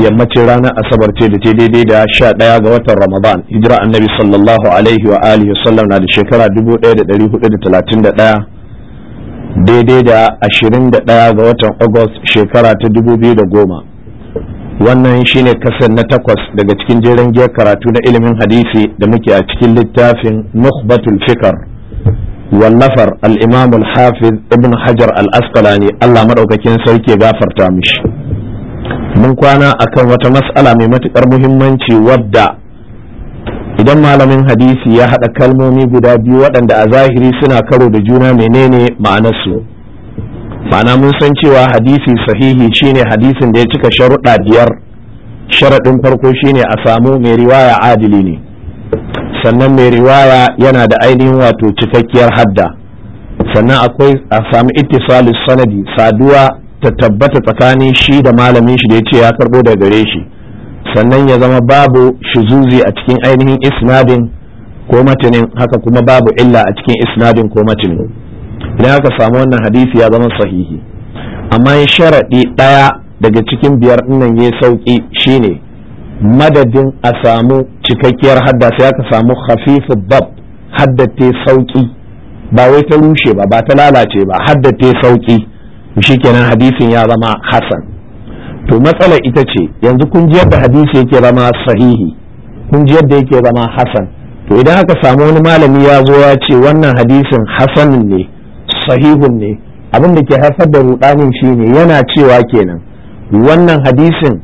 yammacin ranar asabar ce da ce daidai da sha ɗaya ga watan ramadan hijira annabi sallallahu alaihi wa alihi wasallam na da shekara 1431 daidai da 21 ga watan august shekara ta 2010 wannan shine kasar na takwas daga cikin jerin giyar karatu na ilimin hadisi da muke a cikin littafin nukhbatul fikar wallafar al imamul hafiz ibn hajar al-asqalani Allah madaukakin sarki gafarta mishi mun kwana akan wata mas'ala mai matukar muhimmanci wadda idan malamin hadisi ya haɗa kalmomi guda biyu waɗanda a zahiri suna karo da juna menene ma'anarsu ma'ana mun san cewa hadisi sahihi shine hadisin da ya cika sharuɗa biyar sharaɗin farko shine a samu mai riwaya adili ne sannan mai riwaya yana da ainihin wato cikakkiyar hadda sannan akwai a samu ittisalus sanadi saduwa ta tabbata tsakanin shi da malamin shi da ya ce ya karɓo daga gare shi sannan ya zama babu shuzuzi a cikin ainihin isnadin ko matinin haka kuma babu illa a cikin isnadin ko matinin idan aka samu wannan hadisi ya zama sahihi amma in sharaɗi ɗaya daga cikin biyar nan ya sauƙi shine madadin a samu cikakkiyar hadda sai aka samu hafifu bab haddace sauƙi ba wai ta rushe ba ba ta lalace ba haddace sauƙi shi kenan hadisin ya zama hasan to matsala ita ce yanzu kun ji yadda hadisi yake zama sahihi kun ji yadda yake zama hasan to idan aka samu wani malami ya zo ya ce wannan hadisin hasan ne sahihun ne abin da ke haifar da rudanin ne yana cewa kenan wannan hadisin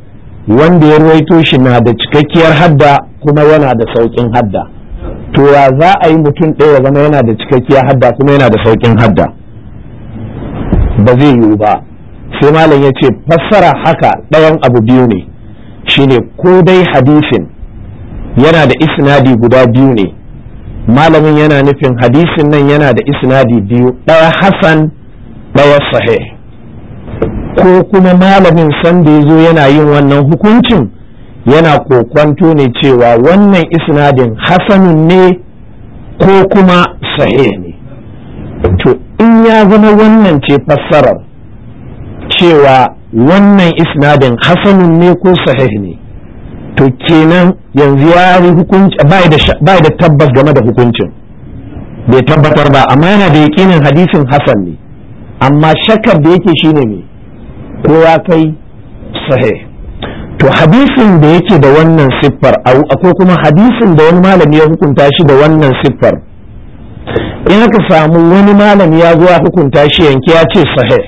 wanda ya ruwaito shi na da cikakkiyar hadda kuma yana da saukin hadda to ya za a yi mutum ɗaya zama yana da cikakkiyar hadda kuma yana da saukin hadda ba zai yiwu ba sai malam ya ce fassara haka ɗayan abu biyu ne shine ko dai hadisin yana da isnadi guda biyu ne malamin yana nufin hadisin nan yana da isnadi biyu ɗaya Hassan ɗaya sahih ko kuma malamin sanda ya zo yana yin wannan hukuncin yana kokwanto ne cewa wannan isnadin hasanun ne ko kuma sahih ne in ya zama wannan ce fassarar cewa wannan isnadin hasanun ne ko sahih ne to kenan yanzu ya yi hukunci bai da tabbas game da hukuncin bai tabbatar ba amma yana da yakinin hadisin hasan ne amma shakar da yake shine ne ko ya kai sahih to hadisin da yake da wannan siffar akwai kuma hadisin da wani malami ya hukunta shi da wannan siffar in aka samu wani malami ya zuwa hukunta shi yanke ya ce sahe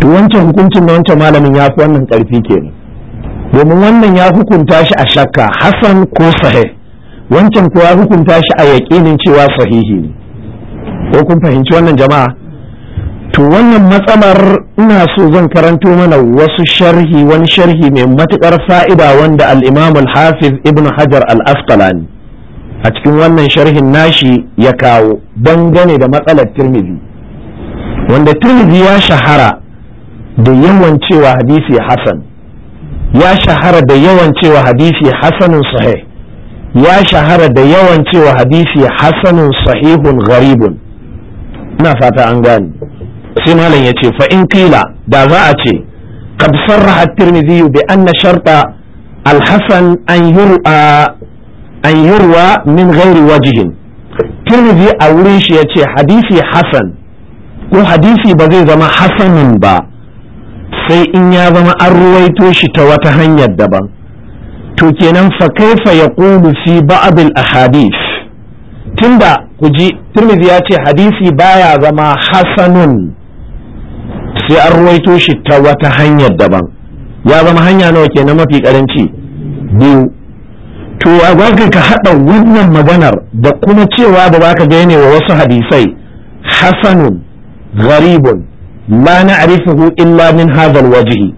to wancan hukuncin na wancan malamin ya fi wannan karfi kenan domin wannan ya hukunta shi a shakka hasan ko sahe wancan kuwa hukunta shi a yaƙinin cewa sahihi ne ko kun fahimci wannan jama'a to wannan matsalar ina so zan karanto mana wasu sharhi wani sharhi mai matukar fa'ida wanda al-imam al-hafiz ibn hajar al-asqalani a cikin wannan sharhin nashi ya kawo dangane da matsalar tirmidhi wanda tirmidhi ya shahara da yawan cewa hadisi hasan ya shahara da yawan cewa hadisi hasanun sahih ya shahara da yawan cewa hadisi hasanun sahihun gharibun ina fata an gane sai malam ya ce fa in kila da za a ce qad sarraha at-tirmidhi bi anna sharta al-hasan an yur'a an yurwa min gairi wajihin tirmidhi a wurin shi yace hadisi hasan ko hadisi ba zai zama hasanin ba sai in ya zama an ruwaito shi ta wata hanyar daban to kenan fa kaifa yaqulu fi ba'd al ahadith tunda ku ji tirmidhi ya ce hadisi baya zama hasanun sai an ruwaito shi ta wata hanyar daban ya zama hanya nawa kenan mafi karanci biyu to za ka haɗa wannan maganar da kuma cewa da za ka gane wa wasu hadisai hasanun gharibun la na'rifuhu illa min hadha alwajhi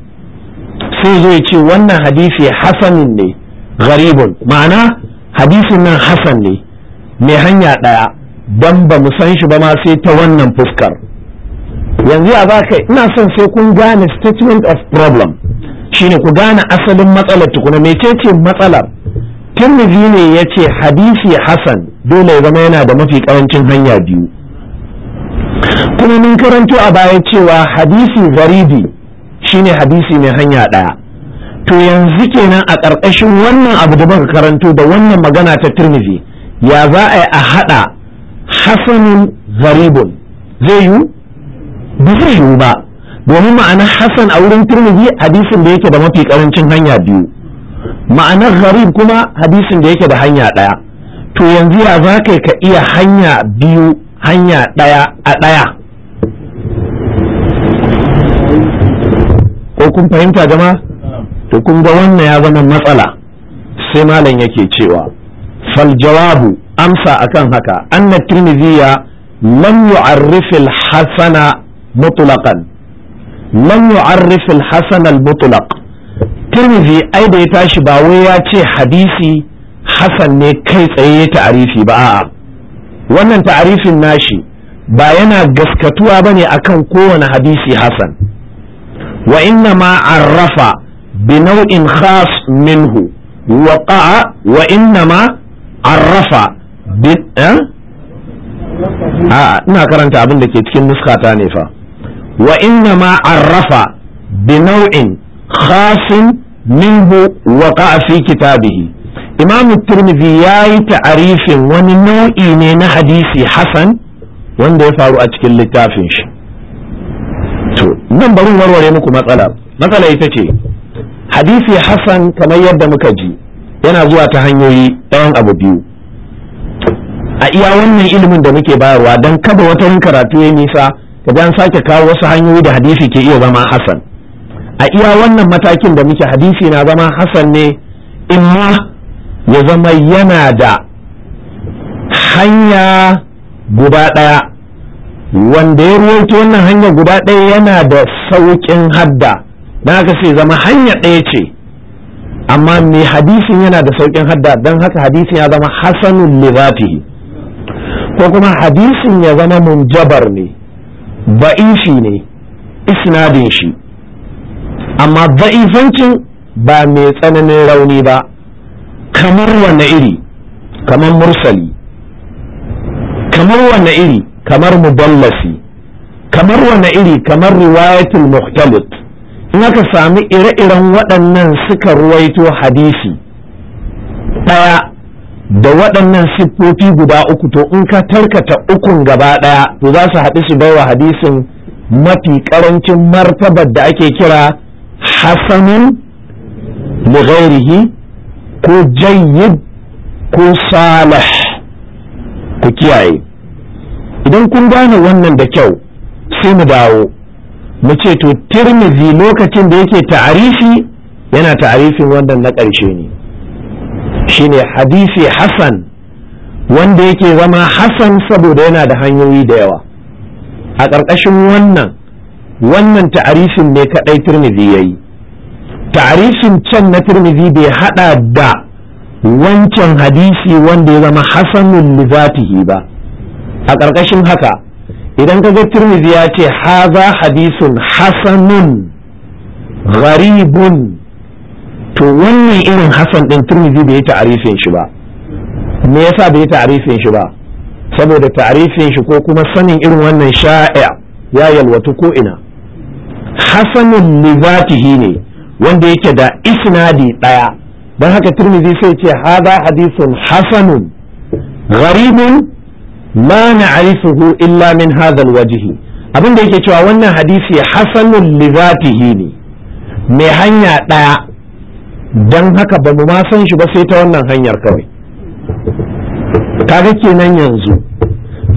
sai zo ya ce wannan hadisi hasanun ne gharibun ma'ana hadisin nan hasan ne mai hanya ɗaya dan ba mu san shi ba ma sai ta wannan fuskar yanzu a za ka ina son sai kun gane statement of problem shine ku gane asalin matsalar tukuna mecece matsalar tirmidhi ne ya ce hadisi Hassan dole ya zama yana da mafi karancin hanya biyu kuma mun karanto a baya cewa hadisi garibi shine hadisi mai hanya ɗaya to yanzu kenan a ƙarƙashin wannan abu da baka karanto da wannan magana ta tirmidhi ya za a yi a haɗa hasanun garibun zai yiwu ba zai yiwu ba domin ma'ana Hassan a wurin tirmidhi hadisin da yake da mafi karancin hanya biyu ma'anar gharib kuma hadisin da yake da hanya ɗaya to yanzu ya za ka iya hanya biyu hanya ɗaya a ɗaya ko kun fahimta jama'a to kun ga wannan ya zama matsala sai malam yake cewa fal jawabu amsa akan haka anna tirmidhiya lam yu'arrif al hasana mutlaqan lam yu'arrif al hasana al mutlaq tirmizi ai da ya tashi ba wai ya ce hadisi hasan ne kai tsaye ta'arifi ba a'a wannan ta'arifin nashi ba yana gaskatuwa bane akan kowane hadisi hasan wa inna ma arrafa bi nau'in khas minhu Wa wa وقع وإنما a ina karanta abin da ke cikin nuskata ne fa wa inna ma arrafa bi nau'in khasin minhu waqa fi kitabihi imamu Tirmizi ya yi ta'arifin wani nau'i ne na hadisi Hassan wanda ya faru a cikin littafin shi nan barin warware muku matsala matsala ita ce hadisi hasan kamar yadda muka ji yana zuwa ta hanyoyi ɗayan abu biyu a iya wannan ilimin da muke bayarwa don kada wata karatu ya nisa ka an sake kawo wasu hanyoyi da hadisi ke iya zama Hassan. a iya wannan matakin da muke hadisi na zama hasan ne imma ya zama yana da hanya guba ɗaya wanda ya ruwaito wannan hanya guba ɗaya yana da sauƙin hadda na haka sai zama hanya ɗaya ce amma mai hadisin yana da sauƙin hadda don haka hadisin ya zama hasanun lizatihi ko kuma hadisin ya zama munjabar ne ba'ishi ne isnadin shi amma za'ifancin ba mai tsananin rauni ba kamar wanne iri kamar mursali kamar wanne iri kamar mudallasi kamar wanne iri kamar riwayatul muhtalit in aka sami ire-iren waɗannan suka ruwaito hadisi ɗaya da waɗannan siffofi guda uku to in ka tarkata ukun gaba ɗaya to za su haɗu su baiwa hadisin mafi ƙarancin martabar da ake kira hasanun lighairihi ko jayyid ko salih ku kiyaye idan kun gane wannan da kyau sai mu dawo mu ce to tirmizi lokacin da yake ta'arifi yana ta'arifin wannan na ƙarshe ne shine hadisi hasan wanda yake zama hasan saboda yana da hanyoyi da yawa a ƙarƙashin wannan wannan ta'arifin ne kaɗai tirmizi ya yi ta'arifin can na tirmidhi bai hada da wancan hadisi wanda ya zama hasanun lizatihi ba a ƙarƙashin haka idan ka ga tirmidhi ya ce haza hadisun hasanun gharibun to wannan irin hasan ɗin turmizi bai yi ta'arifin shi ba me yasa bai yi ta'arifin shi ba saboda ta'arifin shi ko kuma sanin irin wannan sha'a ya yalwatu ko ina hasanun li ne wanda yake da isnadi ɗaya don haka turmizi sai ce haza hadisun hasanun gharibun ma na'rifuhu illa min hadha wajihi abin da yake cewa wannan hadisi hasanun li zatihi ne mai hanya ɗaya Dan haka ba mu ma san shi ba sai ta wannan hanyar kawai kaga kenan yanzu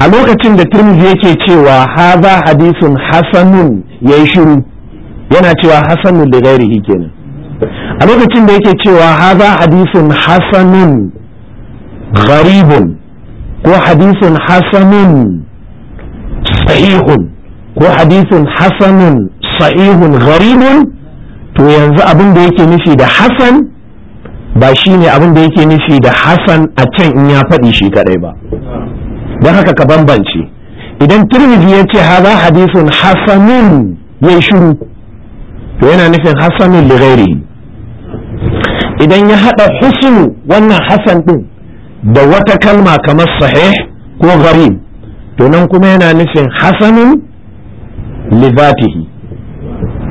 a lokacin da turmizi yake cewa haza hadisun hasanun yayi shiru yana cewa hasanun da gairihi kenan a lokacin da yake cewa haza hadisin hasanun gharibun ko hadisin hasanun sahihun ko hadisin hasanun sahihun gharibun to yanzu abin da yake nufi da hasan ba shi ne abin da yake nufi da hasan a can in ya faɗi shi kaɗai ba don haka ka bambance idan turmiji ya ce haza hadisin hasanun ya shiru to yana nufin hasanun lighairi idan ya hada husnu wannan hasan din da wata kalma kamar sahih ko gharib to nan kuma yana nufin hasanun lidatihi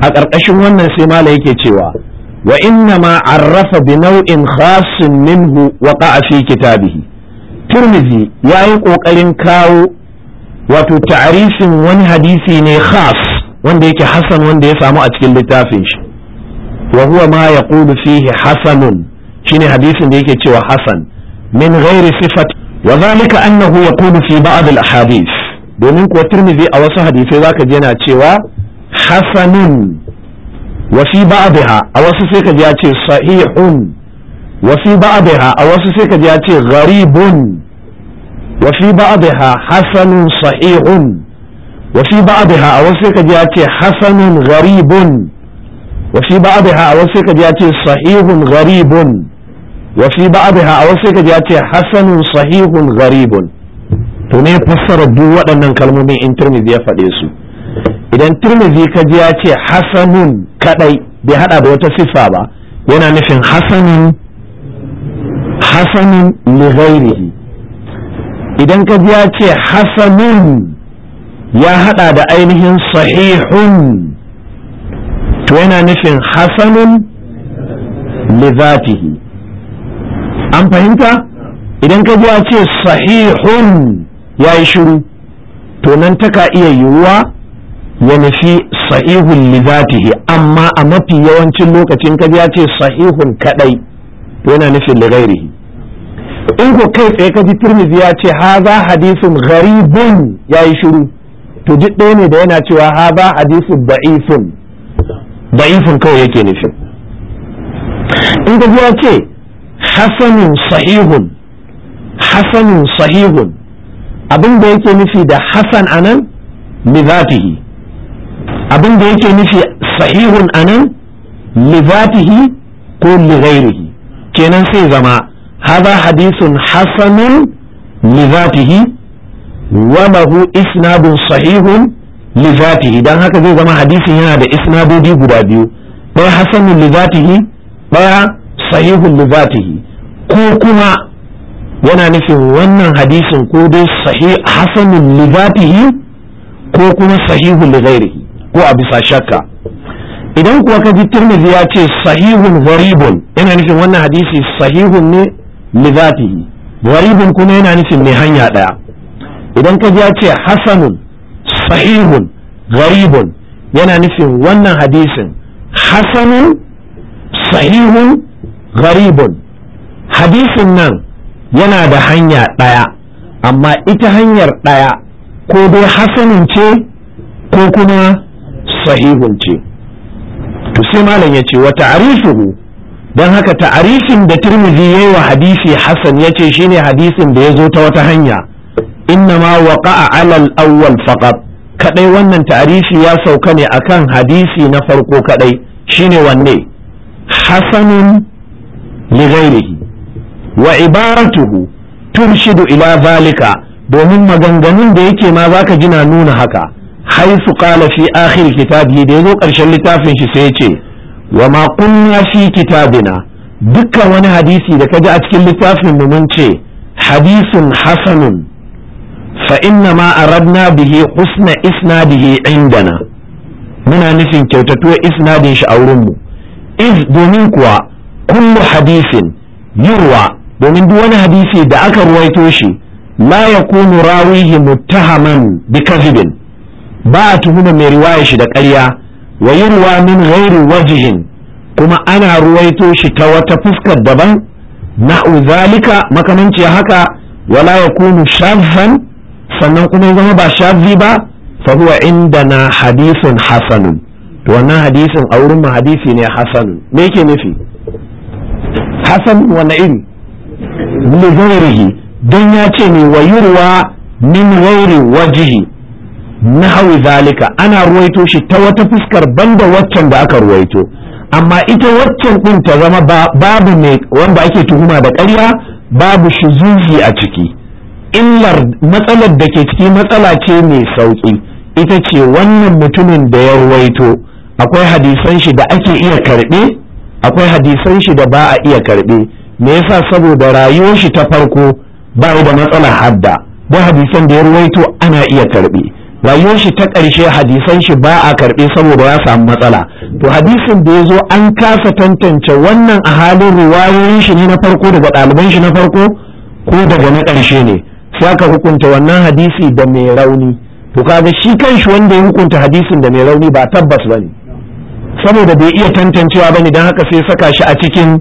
a ƙarƙashin wannan sai mala yake cewa wa inna ma arrafa bi nau'in khasin minhu wa fi kitabihi turmizi ya yi ƙoƙarin kawo wato ta'arifin wani hadisi ne khas wanda yake hasan wanda ya samu a cikin littafin shi wa huwa ma yaqulu fihi hasanun shine hadisin da yake cewa hasan min ghairi sifat wa zalika annahu yaqulu fi ba'd al ahadith domin kuwa tirmidhi a wasu hadisai zaka ji yana cewa hasanun wa fi ba'dha a wasu sai ka ji ya ce sahihun wa fi ba'dha a wasu sai ka ji ya ce gharibun wa fi ba'dha hasanun sahihun wafi بعضها a wasu حسن غريب وفي بعضها gharibun wafi غريب a wasu sai جاتي حسن صحيح sahihun gharibun wafi a wasu sahihun gharibun to ne fassara duk waɗannan kalmomin in Tirmidhi ya faɗe su idan Tirmidhi kaji ya ce hasanun kadai bai hada da wata siffa ba yana nufin hasanun hasanun idan kaji ya ce hasanun ya haɗa da ainihin sahihun to yana nufin hasanun lizatihi an fahimta idan ka a ce sahihun ya yi shiru to nan taka iya yiwuwa ya nufi sahihun lizatihi amma a mafi yawancin lokacin ka ya ce sahihun kadai to yana nufin ligairihi in ko kai tsaye ka ji ya ce haza hadisin gharibun ya yi shiru to duk ɗaya ne da yana cewa ha ba hadisu da'ifun da'ifun kawai yake nufi? in ka ce hasanin sahihun hasanin sahihun abin da yake nufi da hasan anan lizatihi abin da yake nufi sahihun anan lizatihi ko lighairihi kenan sai zama haza hadisun hasanun mizatihi wa lahu isnadun sahihun li zatihi dan haka zai zama hadisin yana da isnadodi guda biyu ɗaya hasanun li zatihi ɗaya sahihun li ko kuma yana nufin wannan hadisin ko dai sahih hasanun li ko kuma sahihun li ghairihi ko a bisa shakka idan kuwa ka ji tirmidhi ya ce sahihun gharibun yana nufin wannan hadisi sahihun ne li zatihi gharibun kuma yana nufin mai hanya ɗaya idan ka ji ya ce hasanun sahihun garibun yana nufin wannan hadisin hasanun sahihun garibun hadisin nan yana da hanya ɗaya amma ita hanyar ɗaya ko dai hasanun ce ko kuma sahihun ce to sai malam ya ce wa ta'arifuhu don haka ta'arifin da turmizi ya yi wa hadisi hasan ya ce shine hadisin da ya zo ta wata hanya innama waqa'a alal awwal faqat kadai wannan ta'arifi ya sauka ne akan hadisi na farko kadai shine wanne hasanun li ghairihi wa ibaratuhu turshidu ila zalika domin maganganun da yake ma zaka ji na nuna haka haisu qala fi akhir kitabihi da yazo karshen littafin shi sai yace wa ma kunna fi kitabina dukkan wani hadisi da kaji a cikin littafin mu mun ce hadisun hasanun fa inna ma arabna bihi husna isnadihi indana muna nufin kyautatuwa isnadin shi a wurin mu iz domin kuwa kullu hadisin yurwa domin duk wani hadisi da aka ruwaito shi la yakunu rawihi muttahaman bi kadhibin ba a tuhuma mai riwaya shi da ƙarya wa yurwa min ghairi wajhin kuma ana ruwaito shi ta wata fuskar daban na'u zalika makamanci haka wala yakunu shaffan sannan kuma ya zama ba shafi ba fa huwa indana hadisun hasanun to wannan hadisin a wurin mu hadisi ne hasanun me yake nufi hasan wani iri li ghairihi dan ya ce ne wa yurwa min ghairi wajhi hawi zalika ana ruwaito shi ta wata fuskar banda waccan da aka ruwaito amma ita waccan ɗin ta zama babu ne wanda ake tuhuma da ƙarya babu shuzuzi a ciki illar matsalar da ke ciki matsala ce mai sauƙi ita ce wannan mutumin da ya ruwaito akwai hadisan shi da ake iya karɓe akwai hadisan shi da ba a iya karɓe me yasa saboda rayuwar shi ta farko ba da matsalar hadda ba hadisan da ya ruwaito ana iya karɓe rayuwar shi ta ƙarshe hadisan shi ba a karɓe saboda ya samu matsala to hadisin da ya zo an kasa tantance wannan a halin ruwayoyin shi ne na farko daga ɗaliban shi na farko ko daga na ƙarshe ne sai aka hukunta wannan hadisi da mai rauni to kaga shi kanshi wanda ya hukunta hadisin da mai rauni ba tabbas ba ne saboda bai iya tantancewa ba ne don haka sai saka shi a cikin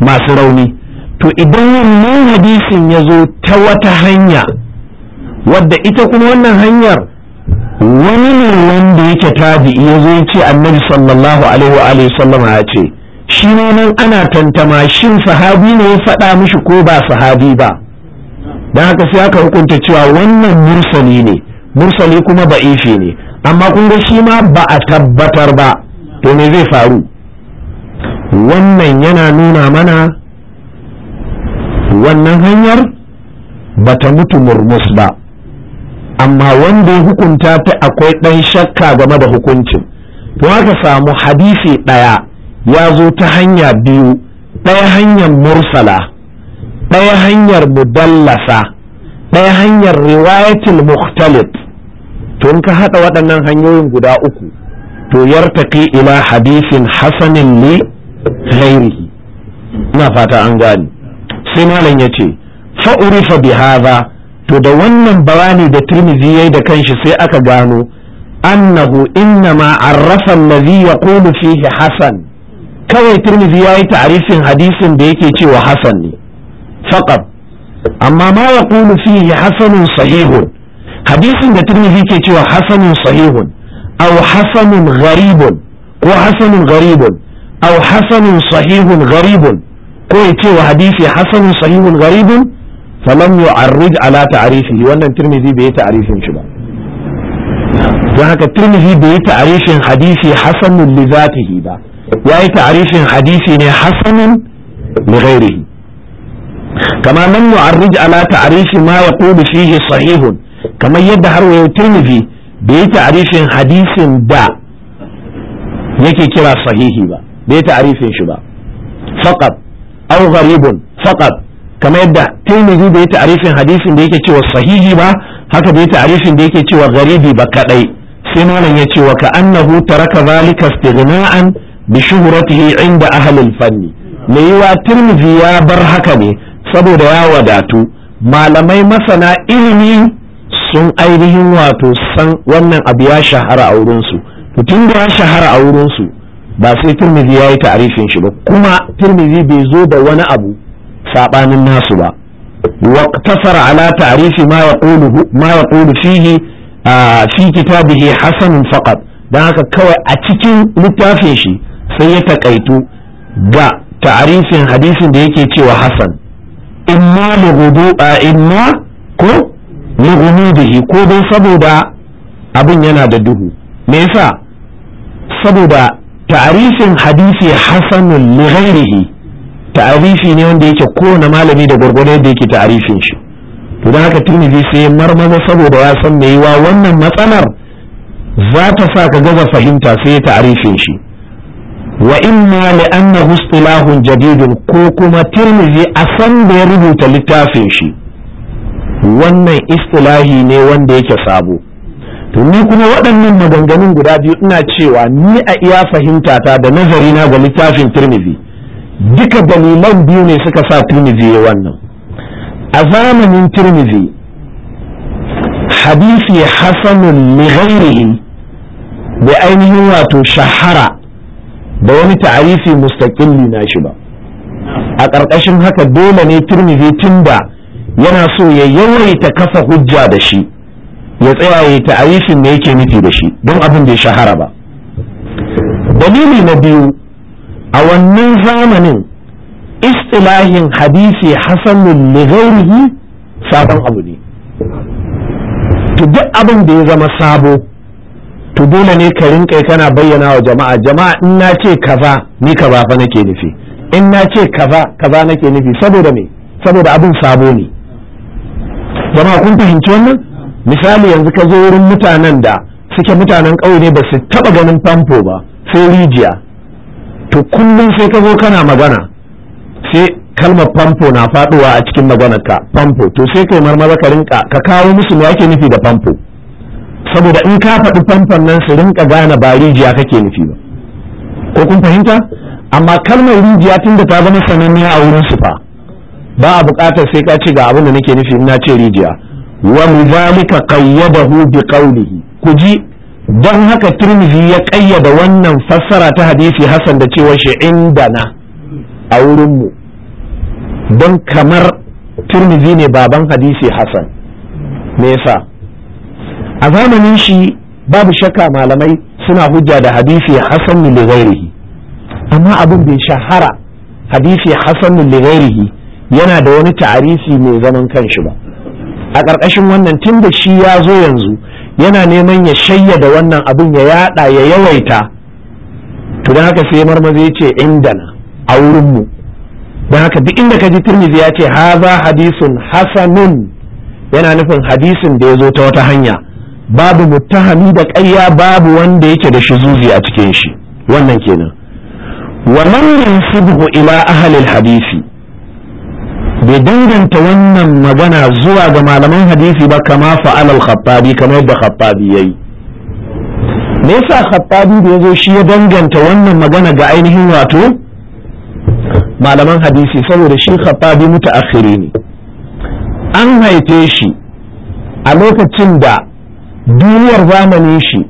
masu rauni to idan wannan hadisin ya zo ta wata hanya wadda ita kuma wannan hanyar wani ne wanda yake tabi'i ya zo ce annabi sallallahu alaihi wa alihi sallama ya ce shi ne nan ana tantama shin sahabi ne ya faɗa mishi ko ba sahabi ba dan haka sai aka hukunta cewa wannan mursali ne mursali kuma ba ishe ne amma kun ga shi ma ba a tabbatar ba to me zai faru wannan yana nuna mana wannan hanyar ba ta mutu murmus ba amma wanda ya hukunta ta akwai ɗan shakka game da hukuncin to aka samu hadisi ɗaya ya zo ta hanya biyu ɗaya hanyar mursala ɗaya hanyar mudallasa ɗaya hanyar riwayatul mukhtalif to in ka haɗa waɗannan hanyoyin guda uku to yartaqi ila hadisin hasanin li ghairihi ina fata an gani sai malam yace fa urifa bi to da wannan bayani da Tirmidhi yayi da kanshi sai aka gano annahu innama arrafa alladhi yaqulu fihi hasan kawai Tirmidhi yayi ta'rifin hadisin da yake cewa hasan ne faqat amma ma yaqulu fihi hasanun sahihun hadisin da turmizi ke cewa hasanun sahihun aw hasanun gharibun ko hasanun gharibun aw hasanun sahihun gharibun ko ya ce wa hadisi hasanun sahihun gharibun falam yu'arrij ala ta'rifihi wannan turmizi bai ta'rifin shi ba don haka turmizi bai ta'rifin hadisi hasanun li zatihi ba yayi ta'rifin hadisi ne hasanun li ghairihi kamar nan mu'arrij ala ta'rifi ma yaqulu fihi sahihun kamar yadda har wa tirmidhi bai yi ta'rifin hadisin da yake kira sahihi ba bai ta'rifin shi ba faqat aw gharibun kamar yadda tirmidhi bai ta'rifin hadisin da yake cewa sahihi ba haka bai ta'rifin da yake cewa gharibi ba kadai sai malam ya ce wa ka annahu taraka zalika istighna'an bi shuhratihi inda ahli al-fanni mai yiwa tirmidhi ya bar haka ne saboda ya wadatu malamai masana ilimi sun ainihin wato san wannan abu ya shahara a wurinsu tun da ya shahara a wurinsu ba sai turmizi ya yi ta'arifin shi ba kuma turmizi bai zo da wani abu saɓanin nasu ba واقتصر ala tarifi ma يقوله ما يقول فيه fi في كتابه hasanin dan haka kawai a cikin littafin shi sai ya takaitu ga ta'arifin hadisin da yake cewa hasan imma ligudu a imma ko ligunudihi ko don saboda abin yana da duhu me yasa saboda ta'arifin hadisi hasanun lighairihi ta'arifi ne wanda yake kowane malami da gwargwado yadda yake ta'arifin shi to don haka tirmidhi sai marmaza saboda ya san me yiwa wannan matsalar za ta sa ka gaza fahimta sai ya ta'arifin shi wa imma li annahu istilahun jadidun ko kuma tirmizi a san da ya rubuta littafin shi wannan istilahi ne wanda yake sabo to ni kuma waɗannan maganganun guda biyu ina cewa ni a iya fahimta ta da nazari na ga littafin tirmizi duka dalilan biyu ne suka sa tirmizi ya wannan a zamanin tirmizi hadisi hasanun li ghairihi da ainihin wato shahara da wani ta'arifi mustaƙilli na shi ba a ƙarƙashin haka dole ne turmizi tunda yana so ya yawaita kafa hujja da shi ya tsaya ya ta'arifin da yake nufi da shi don abin da ya shahara ba dalili na biyu a wannan zamanin istilahin hadisi hasanun li sabon abu ne to duk abin da ya zama sabo to dole ne ka rinkai kana bayyana wa jama'a jama'a in na ce kaza ni kaza fa nake nufi in na ce kaza kaza nake nufi saboda me saboda abin sabo ne jama'a kun fahimci wannan misali yanzu ka zo wurin mutanen da suke mutanen ƙauye ne ba su taba ganin famfo ba sai rijiya to kullum sai ka zo kana magana sai kalmar famfo na faduwa a cikin maganarka famfo to sai kai marmara ka rinka ka kawo musu me ake nufi da famfo saboda in ka faɗi famfon nan su rinka gane ba rijiya kake nufi ba ko kun fahimta amma kalmar rijiya tun da ta zama sananne a wurin su fa ba a buƙatar sai ka ce ga abin da nake nufi ina ce rijiya wa lidhalika qayyadahu bi qawlihi ku ji don haka turmizi ya ƙayyada wannan fassara ta hadisi hasan da cewa shi indana a wurinmu don kamar turmizi ne baban hadisi hasan me yasa a zamanin shi babu shakka malamai suna hujja da hadisi hasan lighairihi amma abin bai shahara hadisi hasan lighairihi yana da wani ta'arifi mai zaman kanshi ba a ƙarƙashin wannan tun da shi ya zo yanzu yana neman ya shayyada wannan abin ya yada ya yawaita to dan haka sai marmaza ya ce indana a wurinmu dan haka duk inda ka ji tirmizi ya ce haza hadisun hasanun yana nufin hadisin da ya zo ta wata hanya babu mutahami da ƙarya babu wanda yake da shuzuzi a cikin shi wannan kenan wa man ila ahli hadisi bai danganta wannan magana zuwa ga malaman hadisi ba kama fa'ala al-khattabi kamar yadda khattabi yayi me yasa khattabi da yazo shi ya danganta wannan magana ga ainihin wato malaman hadisi saboda shi khattabi mutaakhiri ne an haife shi a lokacin da duniyar zamani shi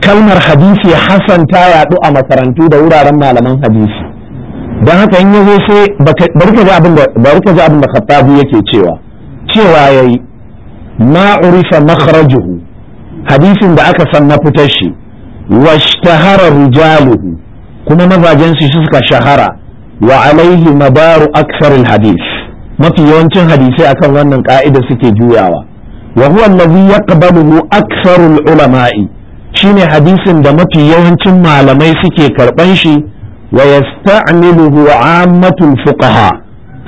kalmar hadisi hasan ta yaɗu a makarantu da wuraren malaman hadisi don haka in yazo sai barka ji abin da bari yake cewa cewa yayi ma urifa makhrajuhu hadisin da aka san na fitar shi washtahara rijaluhu kuma mazajen su suka shahara wa alaihi madaru aksarin hadis mafi yawancin hadisai akan wannan ka'ida suke juyawa wa huwa allazi yaqbaluhu ulama'i shine hadisin da mafi yawancin malamai suke karban shi wa yasta'miluhu 'ammatul fuqaha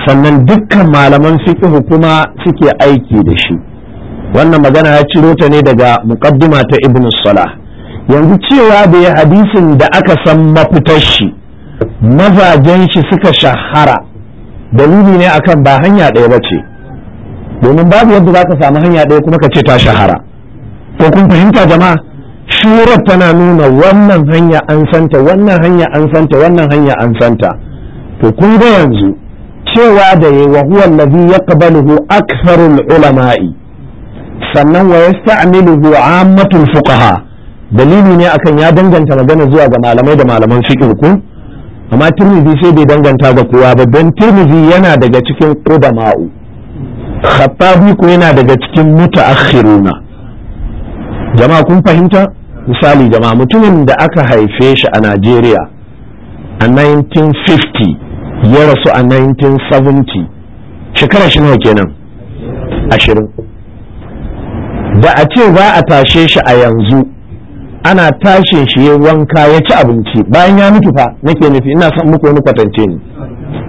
sannan dukkan malaman fiqh hukuma suke aiki da shi wannan magana ya ciro ta ne daga muqaddima ta ibn salah yanzu cewa da ya hadisin da aka san mafitar shi mazajen shi suka shahara dalili ne akan ba hanya ɗaya ba ce domin babu yadda za ka samu hanya ɗaya kuma ka ce ta shahara ko kun fahimta jama'a shurar tana nuna wannan hanya an santa wannan hanya an santa wannan hanya an santa to kun ga yanzu cewa da ya wa huwa allazi yaqbaluhu aktharul ulama'i sannan wa yasta'miluhu 'ammatul fuqaha dalili ne akan ya danganta magana zuwa ga malamai da malaman fiqh ku amma Tirmidhi sai bai danganta ga kowa ba don Tirmidhi yana daga cikin qudama'u khattabi ko yana daga cikin mutaakhiruna jama'a kun fahimta misali jama'a mutumin da aka haife shi a Najeriya a 1950 ya rasu a 1970 shekara shi nawa kenan ashirin da a ce za a tashe shi a yanzu ana tashin shi ya wanka ya ci abinci bayan ya mutu fa nake nufi ina son muku wani kwatance ne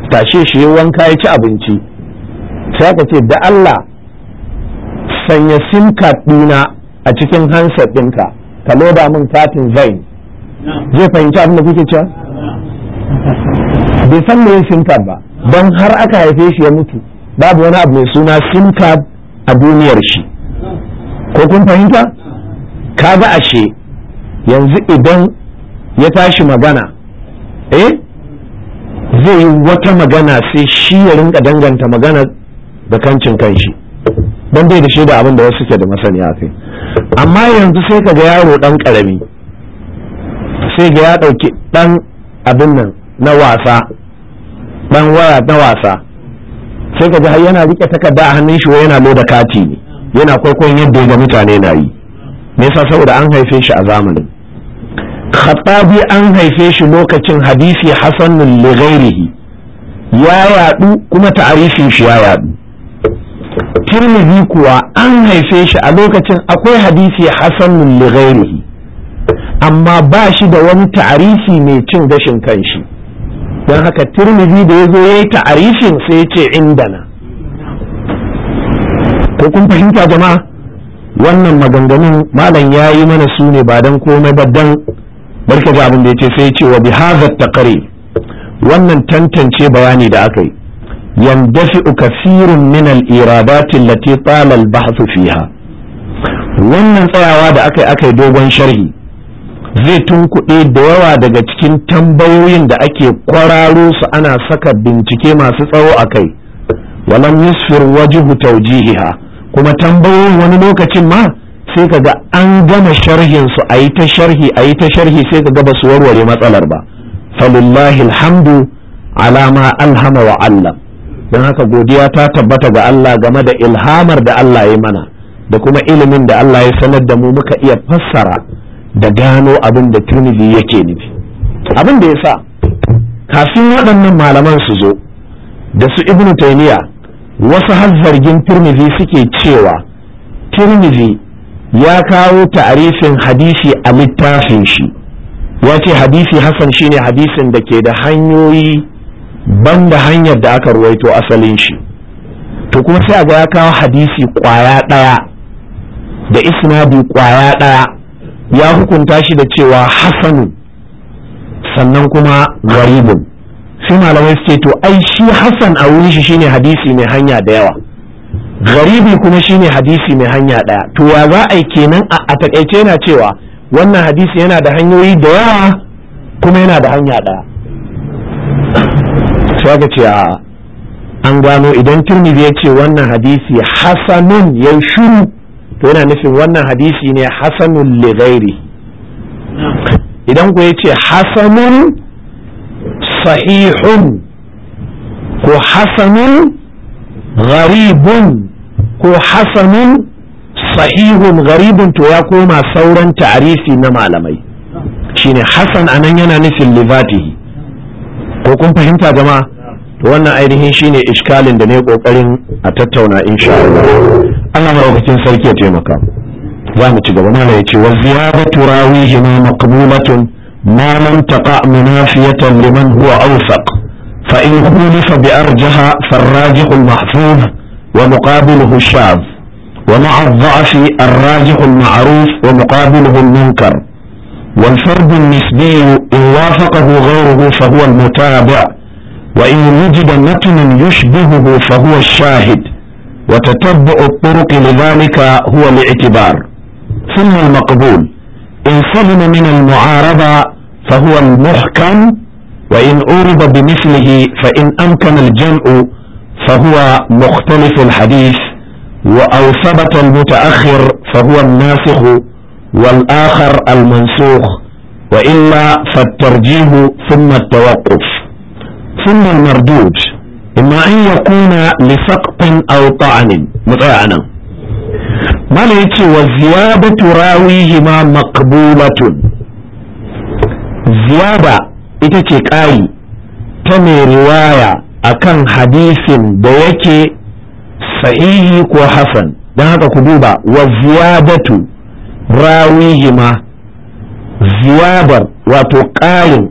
tashe shi ya wanka ya ci abinci sai ka ce da Allah sanya sim card ɗina a cikin handset ɗinka ka loda min katin zain zai fahimci abin da kuke cewa bai san me sim card ba don har aka haife shi ya mutu babu wani abu mai suna sim card a duniyar shi ko kun fahimta kaga ashe yanzu idan ya tashi magana eh zai yi wata magana sai shi ya rinka danganta magana da kancin kan shi. don bai da shaida abin da wasu ke da masani a kai amma yanzu sai ka ga yaro dan karami sai ga ya dauki dan abin nan na wasa dan waya na wasa sai ka ga har yana rike takarda a hannun shi yana loda kati ne yana kwaikwayon yadda ga mutane na yi me yasa saboda an haife shi a zamanin khattabi an haife shi lokacin hadisi hasanul lighairihi ya yadu kuma ta'arifin shi ya yadu tirmidhi kuwa an haife shi a lokacin akwai hadisi hasanun lighairihi amma ba shi da wani ta'arifi mai cin gashin kanshi don haka tirmidhi da ya zo ya yi ta'arifin sai ya ce indana ko kun fahimta jama'a wannan maganganun malam ya yi mana su ne ba don komai ba don barka abin da ya ce sai ya ce wa bi wannan tantance bayani da aka yi yandafi'u kasirun min al-iradat allati tala al fiha wannan tsayawa da aka yi aka yi dogon sharhi zai tunkuɗe da yawa daga cikin tambayoyin da ake kwararo su ana saka bincike masu tsawo a kai walam yusfir wajihu taujihiha kuma tambayoyin wani lokacin ma sai kaga an gama sharhin su a yi ta sharhi a yi ta sharhi sai kaga ba su warware matsalar ba falillahi alhamdu alama alhama wa allah don haka godiya ta tabbata ga Allah game da ilhamar da Allah ya mana da kuma ilimin da Allah ya sanar da mu muka iya fassara da gano abin da tunibi yake nufi abin da ya sa kafin waɗannan malaman su zo da su Ibn Taymiya wasu har zargin Tirmidhi suke cewa tunibi ya kawo ta'arifin hadisi a littafin shi ya ce hadisi hasan shine hadisin da ke da hanyoyi Ban da hanyar da aka ruwaito asalin shi to kuma sai a ga ya kawo hadisi kwaya ɗaya da isnadi kwaya ɗaya ya hukunta shi da cewa hasanu sannan kuma garibun sai malamai suke to ai shi hasan a wurin shi shine hadisi mai hanya da yawa garibi kuma shine hadisi mai hanya ɗaya to wa za a yi kenan a takaice yana cewa wannan hadisi yana da hanyoyi da yawa kuma yana da hanya ɗaya sai ce a an gano idan turmidi ya ce wannan hadisi hasanun ya shuru to yana nufin wannan hadisi ne hasanun Ligairi. idan ku ya ce hasanun sahihun ko hasanun gharibun ko hasanun sahihun gharibun to ya koma sauran ta'arifi na malamai shine hasan anan yana nufin livatihi ko kun fahimta jama'a to wannan ainihin shine iskalin da ne kokarin a tattauna insha Allah Allah maraukakin sarki ya taimaka za mu ci gaba mana yace wa ziyaratu rawihi ma maqbulatun ma lam taqa munafiyatan liman huwa awsaq fa in khulifa bi arjaha farrajihu al-mahfuz wa muqabiluhu ash-shadh ومع الضعف wa المعروف ومقابله المنكر والفرد النسبي إن وافقه غيره فهو المتابع وإن وجد متن يشبهه فهو الشاهد وتتبع الطرق لذلك هو الاعتبار ثم المقبول إن صدم من المعارضة فهو المحكم وإن أورد بمثله فإن أمكن الجمع فهو مختلف الحديث أو ثبت المتأخر فهو الناسخ والآخر المنسوخ وإلا فالترجيح ثم التوقف ثم المردود إما أن يكون لسقط أو طعن مطعنا ما وزيادة والزيادة راويهما مقبولة زيادة إتتي كاي تمي رواية أكان حديث da صحيح وحسن ده هذا كدوبة وزيادة rawihima ziwabar wato ƙarin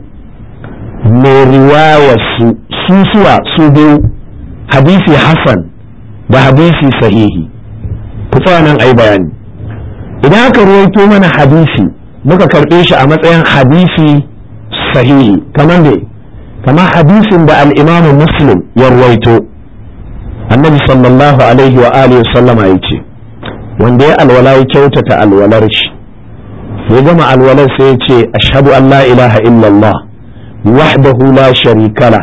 mai su susuwa su biyu hadisi hassan da hadisi sahihi ku nan ai bayani idan aka ruwaito mana hadisi muka karɓe shi a matsayin hadisi sahihi kamar ne kamar hadisin da al'imamu muslim ya ruwaito annabi sallallahu alaihi wa alihi sallama ya ce wanda ya alwala ya kyautata alwalar shi ya gama alwalar sai ya ce ashhadu an la ilaha illallah wahdahu la sharika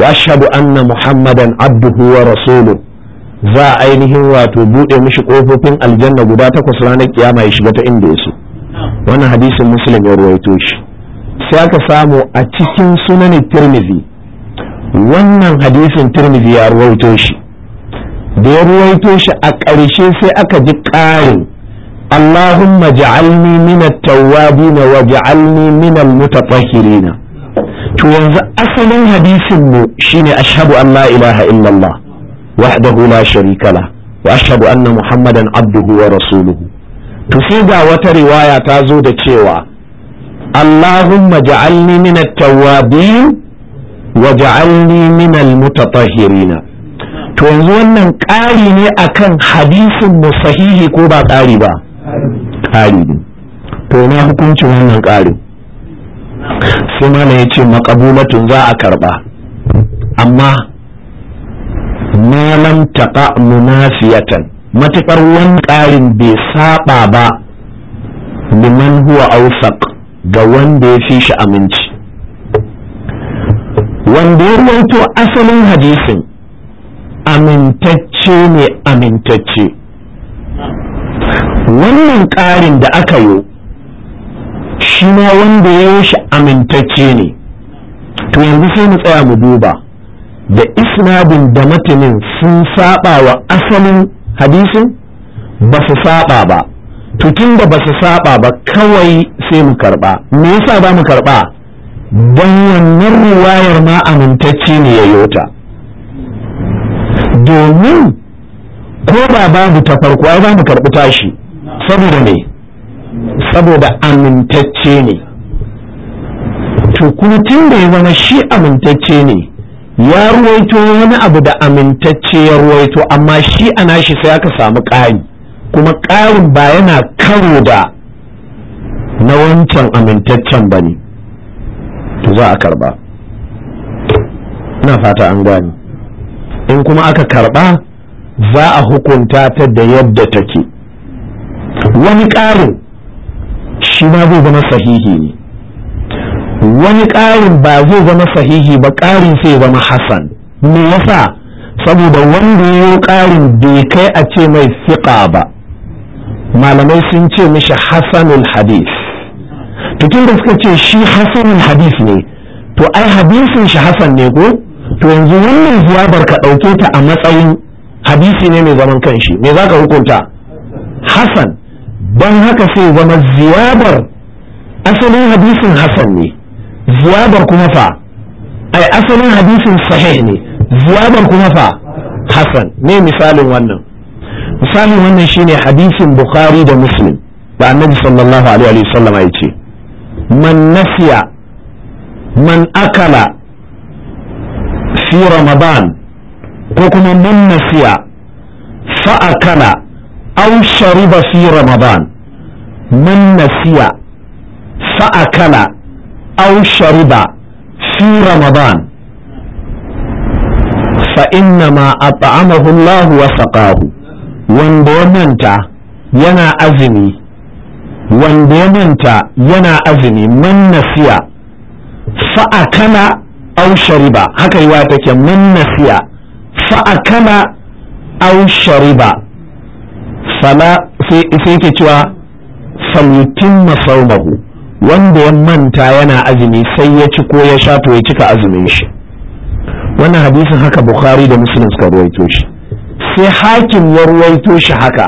wa ashhadu anna muhammadan abduhu wa rasuluhu za a ainihin wato buɗe mishi ƙofofin aljanna guda takwas ranar kiyama ya shiga ta inda ya so wannan hadisin muslim ya ruwaito shi sai aka samu a cikin sunanin tirmizi wannan hadisin tirmizi ya ruwaito shi da ya ruwaito shi a ƙarshe sai aka ji ƙarin Allahumma ja'alni min at-tawwabin wa ja'alni min al-mutatahhirin to yanzu asalin hadisin mu shine ashhadu an la ilaha illallah wahdahu la sharika la wa ashhadu anna muhammadan abduhu wa rasuluhu to sai ga wata riwaya ta zo da cewa Allahumma ja'alni min at-tawwabin wa ja'alni min al-mutatahhirin to yanzu wannan ƙari ne akan hadisin mu sahihi ko ba ƙari ba ƙari ne to na hukuncin wannan ƙari sai mana ya ce makabulatun za a karɓa amma malam taɓa munafiyatan matuƙar wani ƙarin bai saɓa ba liman huwa ausaq ga wanda ya fi shi aminci wanda ya ruwanto asalin hadisin amintacce ne amintacce wannan ƙarin da aka yi shi ma wanda ya shi amintacce ne to yanzu sai mu tsaya mu duba da isnadin da matanin sun saba wa asalin hadisin ba su saba ba tun da ba su saba ba kawai sai mu karba me yasa ba mu karba don wannan riwayar ma amintacce ne ya yota domin ko ba babu ta farko ai za mu karɓi tashi saboda ne saboda amintacce ne to kuma tun da ya zama shi amintacce ne ya ruwaito wani abu da amintacce ya ruwaito amma shi a nashi sai aka samu ƙari kuma ƙarin ba yana karo da na wancan amintaccen ba ne to za a karba ina fata an gani in kuma aka karba za a hukunta ta da yadda take wani ƙarin shi ma zai zama sahihi ne wani ƙarin ba zai zama sahihi ba ƙarin sai zama hasan me yasa saboda wanda ya yi ƙarin bai kai a ce mai fiƙa ba malamai sun ce mishi hasanul hadis to da suka ce shi hasanul hadis ne to ai hadisin shi hasan ne ko to yanzu wannan ziyabar ka ɗauke ta a matsayin hadisi ne mai zaman kanshi me za ka hukunta hasan don haka sai zama ziyabar asalin hadisin hasan ne ziyabar kuma fa ai asalin hadisin sahih ne ziyabar kuma fa hasan ne misalin wannan misalin wannan shine hadisin bukhari da muslim da annabi sallallahu alaihi wasallam ya ce man nasiya man akala fi ramadan ko kuma man nasiya fa'akala aw shariba fi ramadan man nasiya fa'akala aw shariba fi ramadan fa innama at'amahu Allah wa saqahu wanda ya manta yana azumi wanda ya manta yana azumi man nasiya fa'akala aw shariba haka riwaya take min nasiya fa akala aw shariba fala sai yake cewa falyutimma sawmahu wanda ya manta yana azumi sai ya ci ko ya sha to ya cika azumin shi wannan hadisin haka bukhari da muslim suka ruwaito shi sai hakim ya ruwaito shi haka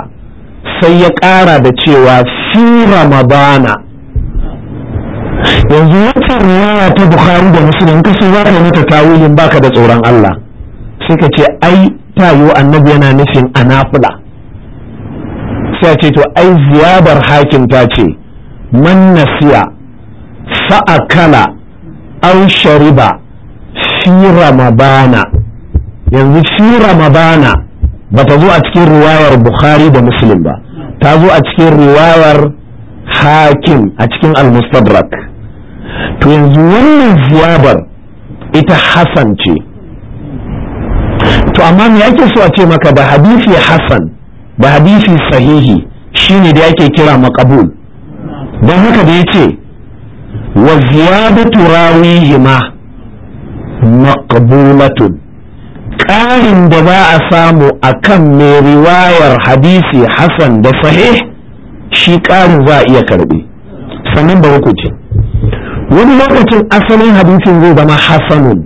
sai ya ƙara da cewa fi ramadana yanzu wata riwaya ta bukhari da muslim ka sai zaka mata tawilin baka da tsoron Allah sai ka ce ai tayo annabi yana nufin anafula sai ce to ai ziyabar hakim ta ce man nasiya fa'akala aw shariba fi ramadana yanzu fi ramadana ba ta zo a cikin riwayar bukhari da muslim ba ta zo a cikin riwayar hakim a cikin al-mustadrak to yanzu wannan ziyabar ita Hassan ce to amma me ake so a ce maka ba hadisi Hassan ba hadisi sahihi shine da yake kira maqbul dan haka da yace wa ziyadatu rawihima maqbulatun ƙarin da za a samu a kan mai riwayar hadisi Hassan da sahih shi ƙarin za a iya karɓe sannan ba ce wani lokacin asalin hadisin zai zama hasanun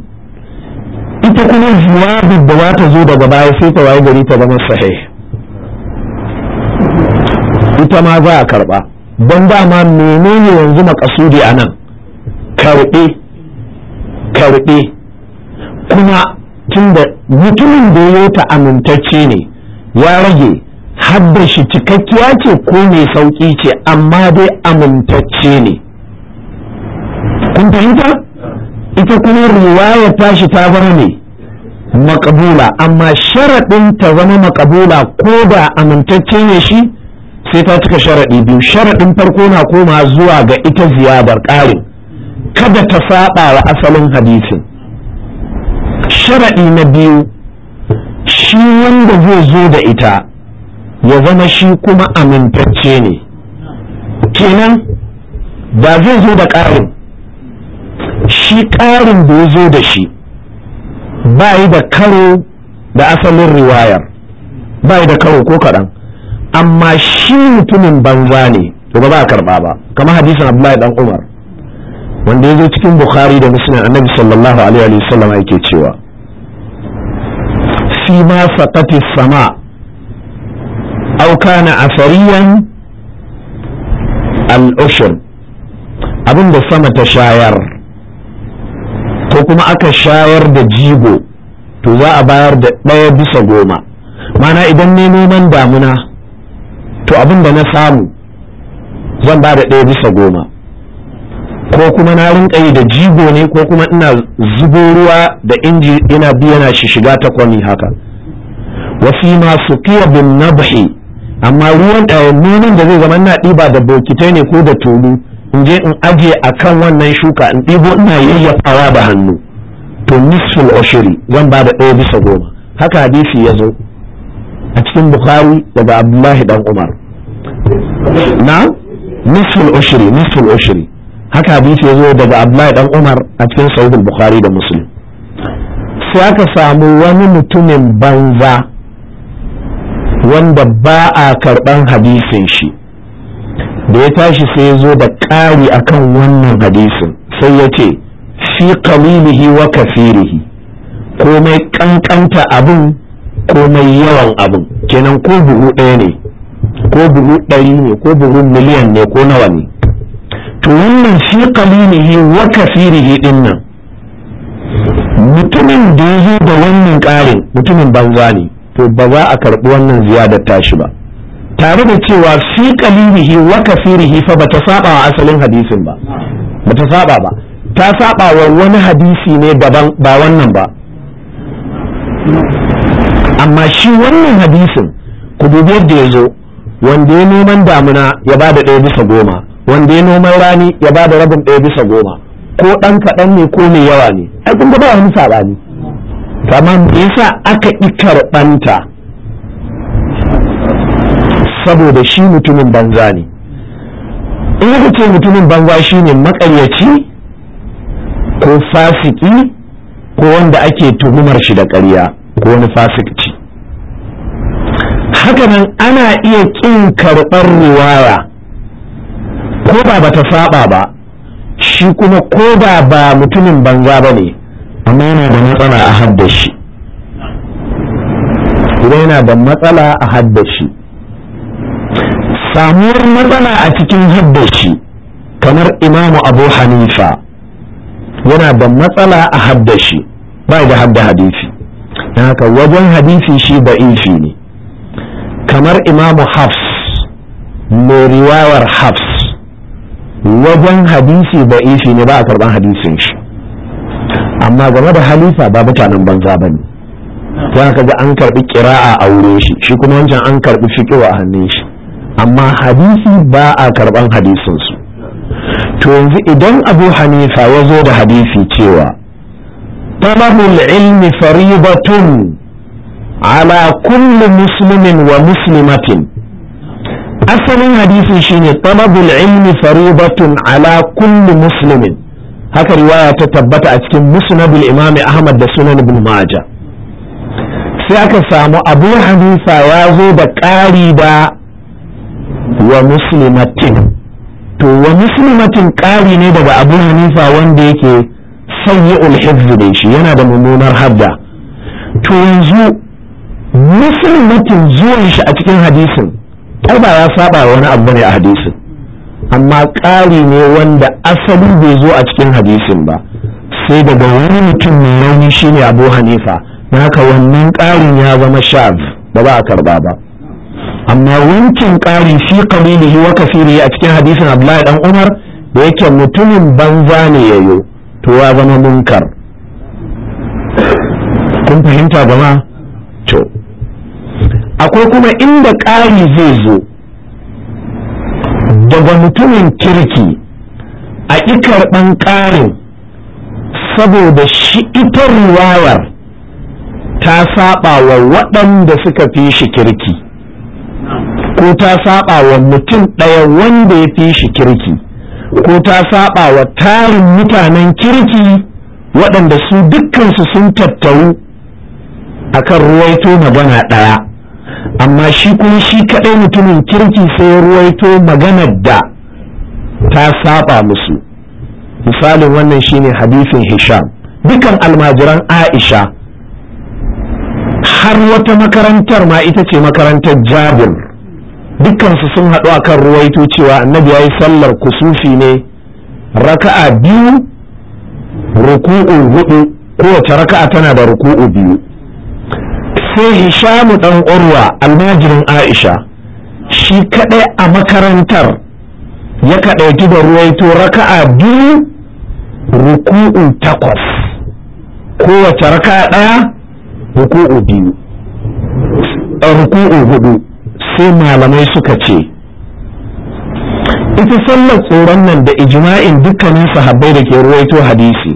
ita kuma ziyarar da za ta zo daga baya sai ta waye gari ta zama Sahi. ita ma za a karba don dama menene yanzu makasudi a nan karbe karbe kuma tunda mutumin da ya ta amintacce ne ya rage haddashi cikakkiya ce ko mai sauƙi ce amma dai amintacce ne kun fahimta ita kuma ta tashi ta zama ne makabula amma sharaɗin ta zama makabula ko da amintacce ne shi sai ta cika sharaɗi biyu sharaɗin farko na koma zuwa ga ita ziyadar ƙarin kada ta saɓa wa asalin hadisin sharaɗi na biyu shi wanda zai zo da ita ya zama shi kuma amintacce ne kenan ba zai zo da ƙarin shi ƙarin da ya zo da shi ba yi da karo da asalin riwayar ba yi da karo ko kaɗan amma shi mutumin banza ne to ba a karɓa ba kamar hadisin abdullahi dan umar wanda ya zo cikin bukhari da muslim annabi sallallahu alaihi wa sallam yake cewa fi ma faqati sama aw kana asariyan al-ushr abinda sama ta shayar ko kuma aka shayar da jigo to za a bayar da ɗaya bisa goma mana idan ne noman damuna to abin da na samu zan ba da ɗaya bisa goma ko kuma na rinka yi da jigo ne ko kuma ina zubo ruwa da inji ina biya shi shiga ta kwami haka wasu masu fiye bin nabahi amma ruwan eh, nonon da zai zama na ɗiba da bokitai ne ko da tolu in je in ajiye a kan wannan shuka in ɗibo ina yayyafawa da hannu to nisful ushri zan ba da ɗaya bisa goma haka hadisi ya zo a cikin bukhari daga abdullahi dan umar na nisful ushri nisful ushri haka hadisi ya zo daga abdullahi dan umar a cikin sahihul bukhari da muslim sai aka samu wani mutumin banza wanda ba a karɓan hadisin shi da ya tashi sai ya zo da ƙari a kan wannan hadisin sai ya ce fi qalilihi wa kafirihi komai ƙanƙanta abin komai yawan abin kenan ko buhu ɗaya ne ko buhu ɗari ne ko buhu miliyan ne ko nawa ne to wannan fi qalilihi wa kafirihi ɗin nan mutumin da ya zo da wannan ƙarin mutumin banza ne to ba za a karɓi wannan ziyadar tashi ba tare da cewa fi qalilihi wa kafirihi fa bata saba wa asalin hadisin ba bata saba ba ta saba wa wani hadisi ne daban ba wannan ba amma shi wannan hadisin ku dubi yadda ya zo wanda ya noman damuna ya ba da ɗaya bisa goma wanda ya noman rani ya ba da rabin ɗaya bisa goma ko ɗan kaɗan ne ko mai yawa ne ai kun ga ba wani saɓani amma me yasa aka ƙi karɓanta saboda shi mutumin banza ne in aka ce mutumin banza ne makaryaci ko fasiki ko wanda ake tuhumar shi da ƙarya ko wani fasikci hakanan ana iya ƙin karɓar ruwaya ko ba ta saba ba shi kuma ko ba ba mutumin banza ba ne amma yana da matsala a haddashi yana da matsala a haddashi samuwar matsala a cikin haddashi kamar imamu abu hanifa yana da matsala a haddashi ba da hadda hadisi na haka wajen hadisi shi da'ifi ne kamar imamu hafs mai riwayar hafs wajen hadisi da'ifi ne ba a karban hadisin shi amma game da halifa ba mutanen banza ba ne ta haka ga an karbi kira'a a wurin shi shi kuma wancan an karbi fiƙiwa a hannun shi amma hadisi ba a karban hadisinsu to yanzu idan abu hanifa ya zo da hadisi cewa talabul ilmi faribatun ala kulli muslimin wa muslimatin asalin hadisin shine talabul ilmi faribatun ala kulli muslimin haka riwaya ta tabbata a cikin musnadul imami ahmad da sunan ibn majah sai aka samu abu hanifa ya zo da ƙari da wa muslimatin to wa muslimatin ƙari ne daga abu hanifa wanda yake sayyi'ul hifz da shi yana da mummunar hadda to yanzu muslimatin zuwan shi a cikin hadisin ai ba ya saba wani abu ne a hadisin amma ƙari ne wanda asali bai zo a cikin hadisin ba sai daga wani mutum mai rauni shine abu hanifa na haka wannan ƙarin ya zama shaz ba ba a karba ba amma wankin ƙari fi qalilihi wa kasiri a cikin hadisin Abdullahi dan Umar da yake mutumin banza ne yayo to ya zama munkar kun fahimta ba ma to akwai kuma inda ƙari zai zo daga mutumin kirki a ƙi karɓan ƙarin saboda shi ita riwayar ta saba wa waɗanda suka fi shi kirki ko ta saba wa mutum ɗaya wanda ya fi shi kirki ko ta saba wa tarin mutanen kirki waɗanda su dukkansu sun tattaru kan ruwaito magana ɗaya amma shi kuma shi kaɗai mutumin kirki sai ruwaito maganar da ta saba musu misalin wannan shine hadisin hisham dukan almajiran aisha har wata makarantar ma ita ce makarantar jabir dukansu sun haɗu a kan ruwaito cewa annabi ya yi sallar kusufi ne raka'a biyu ruku'u hudu kowace raka'a tana da ruku'u biyu sai hishamu ɗan urwa almajirin aisha shi kaɗai a makarantar ya kaɗauki da ruwaito raka'a biyu ruku'u takwas kowace raka'a ɗaya ruku'u biyu ruku'u hudu sai malamai suka ce ita sallar tsoron nan da ijma'in dukkanin sahabbai da ke ruwaito hadisi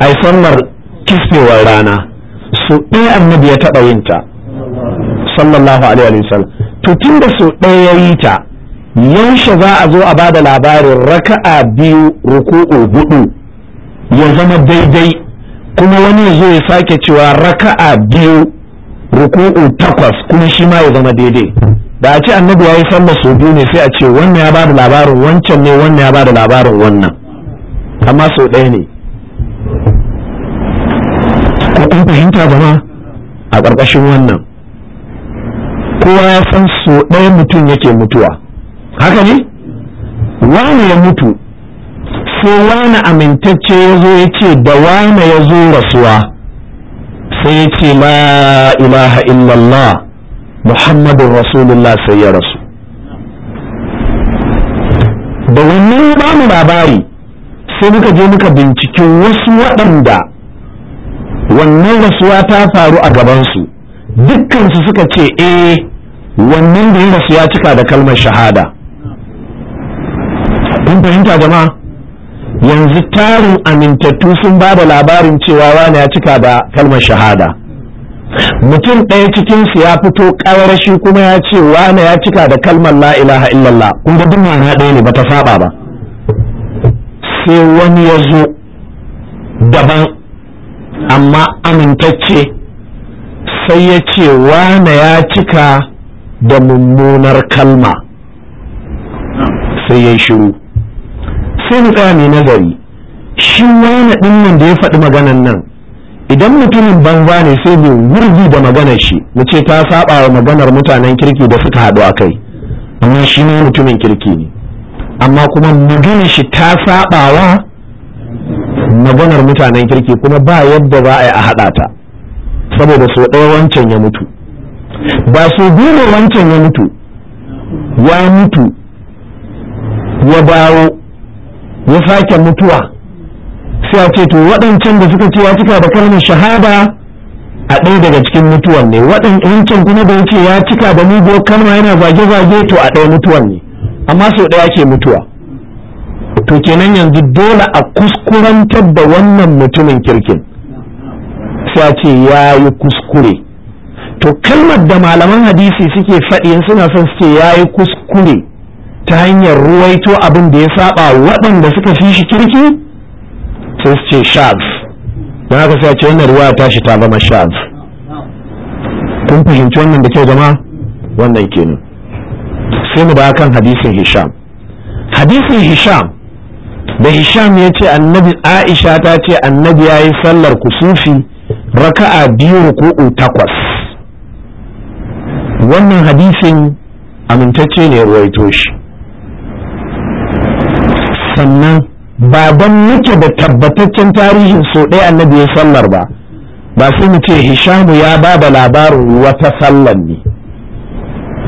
ai sallar kisfewar rana su ɗaya annabi ya taɓa yin ta sallallahu alaihi wa sallam to tun da su ɗaya ya yi ta yaushe za a zo a ba da labarin raka'a biyu ruku'u hudu ya zama daidai kuma wani ya zo ya sake cewa raka'a biyu ruku'u takwas kuma shi ma ya zama daidai da a ce annabi yayi san masu biyu ne sai a ce wannan ya bada labarin wancan ne wannan ya bada labarin wannan amma sau ɗaya ne ko kun fahimta zama a ƙarƙashin wannan kowa ya san sau ɗaya mutum yake mutuwa haka ne wani ya mutu to wani amintacce ya zo ya ce da wani ya zo rasuwa sai ya ce la ilaha illallah muhammadun rasulullah sai ya rasu da wannan ba mu labari sai muka je muka binciki wasu waɗanda wannan rasuwa ta faru a gabansu dukkansu suka ce e wannan da ya rasu ya cika da kalmar shahada kun fahimta jama'a yanzu tarin amintattu sun ba da labarin cewa wani ya cika da kalmar shahada mutum ɗaya cikinsu ya fito ƙawarashi kuma ya ce wani ya cika da kalmar la ilaha illallah kun ga ɗaya ne bata saba ba sai wani ya zo daban amma amintacce sai ya ce wani ya cika da mummunar kalma sai ya shiru sai mu tsaya mai nazari shi wani ɗin nan da ya faɗi maganan nan idan mutumin banza ne sai mu wurgi da maganar shi mu ce ta saba wa maganar mutanen kirki da suka haɗu a kai amma shi ne mutumin kirki ne amma kuma maganar shi ta saba wa maganar mutanen kirki kuma ba yadda za a yi a haɗa ta saboda so ɗaya wancan ya mutu ba so biyu wancan ya mutu ya mutu ya bawo ya sake mutuwa sai a ce to waɗancan da suka cewa cika da kalmar shahada a ɗaya daga cikin mutuwan ne waɗancan kuma da ya ce ya cika da muguwar kalma yana zage-zage to a ɗaya mutuwan ne amma sau ɗaya ke mutuwa to kenan yanzu dole a kuskurantar da wannan mutumin kirkin sai a ce ya yi kuskure to kalmar da malaman hadisi suke faɗi suna son su ce ya yi kuskure ta hanyar ruwaito abin da ya saba waɗanda suka fi shi kirki sai su ce shaz don haka sai a ce wannan ruwa ta ta zama kun fahimci wannan da kyau zama wannan kenan sai mu da kan hadisin hisham hadisin hisham da hisham ya ce annabi aisha ta ce annabi ya yi sallar kusufi raka'a biyu ruku'u takwas wannan hadisin amintacce ne ruwaito shi sannan ba don muke da tabbataccen tarihin so ɗaya annabi ya sallar ba ba sai mu ce hishamu ya ba da labarin wata sallar ne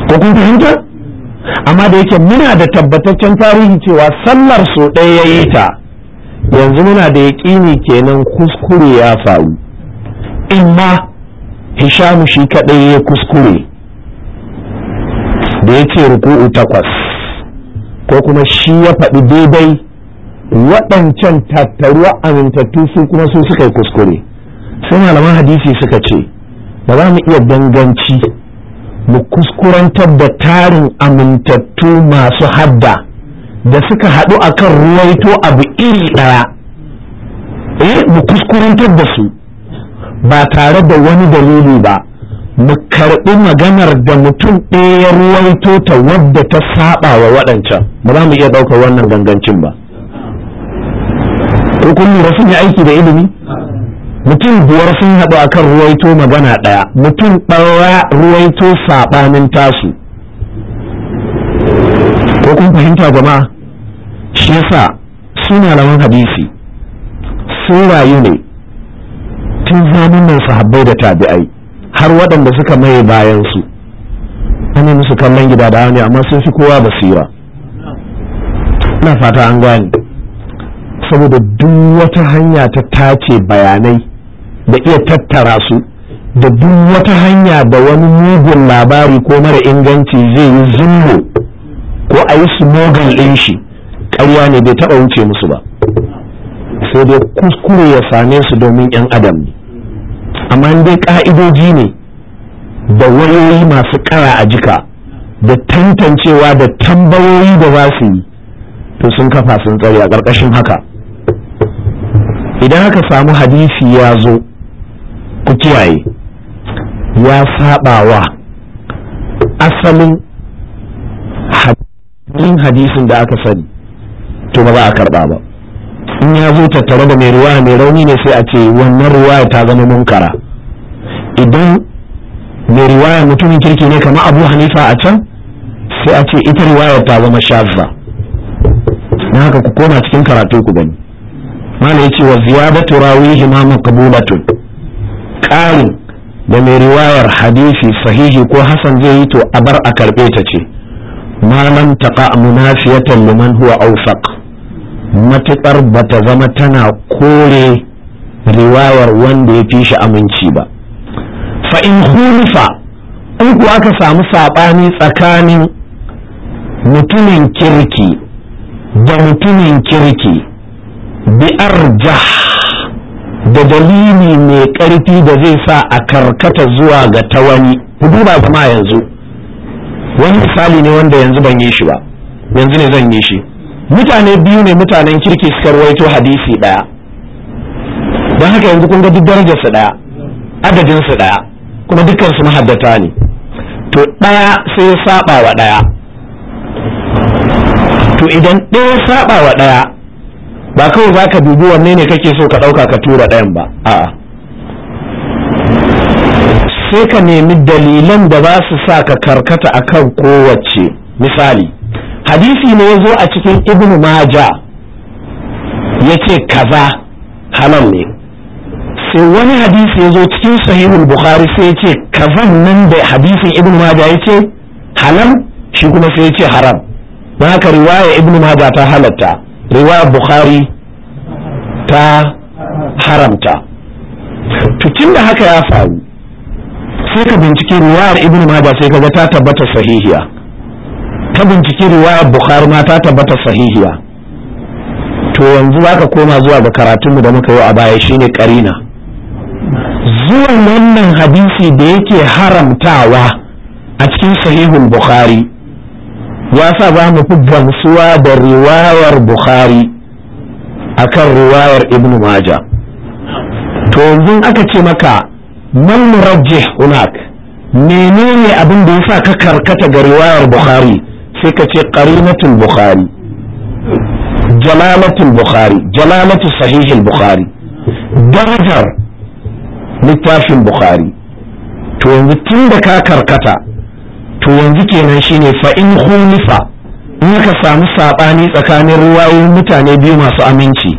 ko kun fahimta amma da yake muna da tabbataccen tarihi cewa sallar so ɗaya ya yi ta yanzu muna da yaƙini kenan kuskure ya faru in ma hishamu shi kaɗai ya kuskure da ya ce ruku'u takwas ko kuma shi ya faɗi daidai waɗancan tattaruwa amintattu su kuma su suka yi kuskure sai malaman hadisi suka ce ba za mu iya danganci mu kuskurantar da tarin amintattu masu hadda da suka haɗu a kan ruwaito abu iri ɗaya eh mu kuskurantar da su ba tare da wani dalili ba mu karɓi maganar da mutum ɗaya ruwaito ta wadda ta saɓa wa waɗancan ba za mu iya ɗaukar wannan gangancin ba to kun lura sun yi aiki da ilimi mutum buwar sun haɗu akan ruwaito magana ɗaya mutum ɗaya ruwaito saɓanin tasu ko kun fahimta jama'a shi yasa suna lamar hadisi sun rayu ne tun zamanin sahabbai da tabi'ai har waɗanda suka maye bayansu. su ana musu kallon gida da hannu amma sun fi kowa basira ina fata an gane saboda duk wata hanya ta tace bayanai da iya tattara su da duk wata hanya da wani mugun labari ko mara inganci zai yi zullo ko a yi smogan ɗin shi ƙarya ne bai taɓa wuce musu ba sai dai kuskure ya same su domin 'yan adam ne amma dai ƙa'idoji ne da wayoyi masu ƙara a jika da tantancewa da tambayoyi da za su yi to sun kafa sun tsari a ƙarƙashin haka idan aka samu hadisi ya zo ku kiyaye ya wa asalin hadisin da aka sani to ba za a karba ba in ya zo tattare da mai ruwa mai rauni ne sai a ce wannan ruwa ta zama munkara idan mai riwaya mutumin kirki ne kamar abu hanifa a can sai a ce ita ya ta zama shazza na haka ku koma cikin karatu ku gani mana yace wa ziyadatu rawihi ma maqbulatun qarin da mai riwayar hadisi sahihi ko hasan zai yi to a bar a karbe ta ce ma lam taqa munafiyatan liman huwa awsaq matakar bata zama tana kore riwayar wanda ya fi shi aminci ba fa in hulifa in kuwa aka samu saɓani tsakanin mutumin kirki da mutumin kirki bi arjah da dalili mai ƙarfi da zai sa a karkata zuwa ga ta wani ku duba kuma yanzu wani misali ne wanda yanzu ban yi shi ba yanzu ne zan yi shi mutane biyu ne mutanen kirki suka rawaito hadisi ɗaya don haka yanzu kun ga duk darajar su ɗaya adadin su ɗaya kuma dukkan su mahaddata ne to ɗaya sai ya saba wa ɗaya to idan ɗaya saba wa ɗaya ba kawai za ka dubi wanne ne kake so ka ɗauka ka tura ɗayan ba a'a sai ka nemi dalilan da za su sa ka karkata a kan kowace misali hadisi ne ya zo a cikin ibn maja ya ce kaza halal ne sai wani hadisi ya zo cikin sahihul bukhari sai ya ce kazan nan da hadisin ibn maja ya ce halal shi kuma sai ya ce haram don haka riwaya ibn maja ta halatta riwaya bukhari ta haramta to da haka ya faru sai ka bincike riwayar ibn majah sai ka ga ta tabbata sahihiya ka bincike riwaya bukhari ma ta tabbata sahihiya to yanzu zaka koma zuwa ga karatunmu da muka yi a baya shine karina zuwa wannan hadisi da yake haramtawa a cikin sahihul bukhari ya sa ba mu fi gamsuwa da riwayar bukhari akan riwayar ibn maja to yanzu aka ce maka man murajjih hunak menene abin da yasa ka karkata ga riwayar bukhari sai ka ce qarinatul bukhari jalalatul bukhari jalalatu sahihil bukhari darajar littafin bukhari to yanzu tun da ka karkata to yanzu kenan shine fa in khulifa in ka samu sabani tsakanin ruwayoyin mutane biyu masu aminci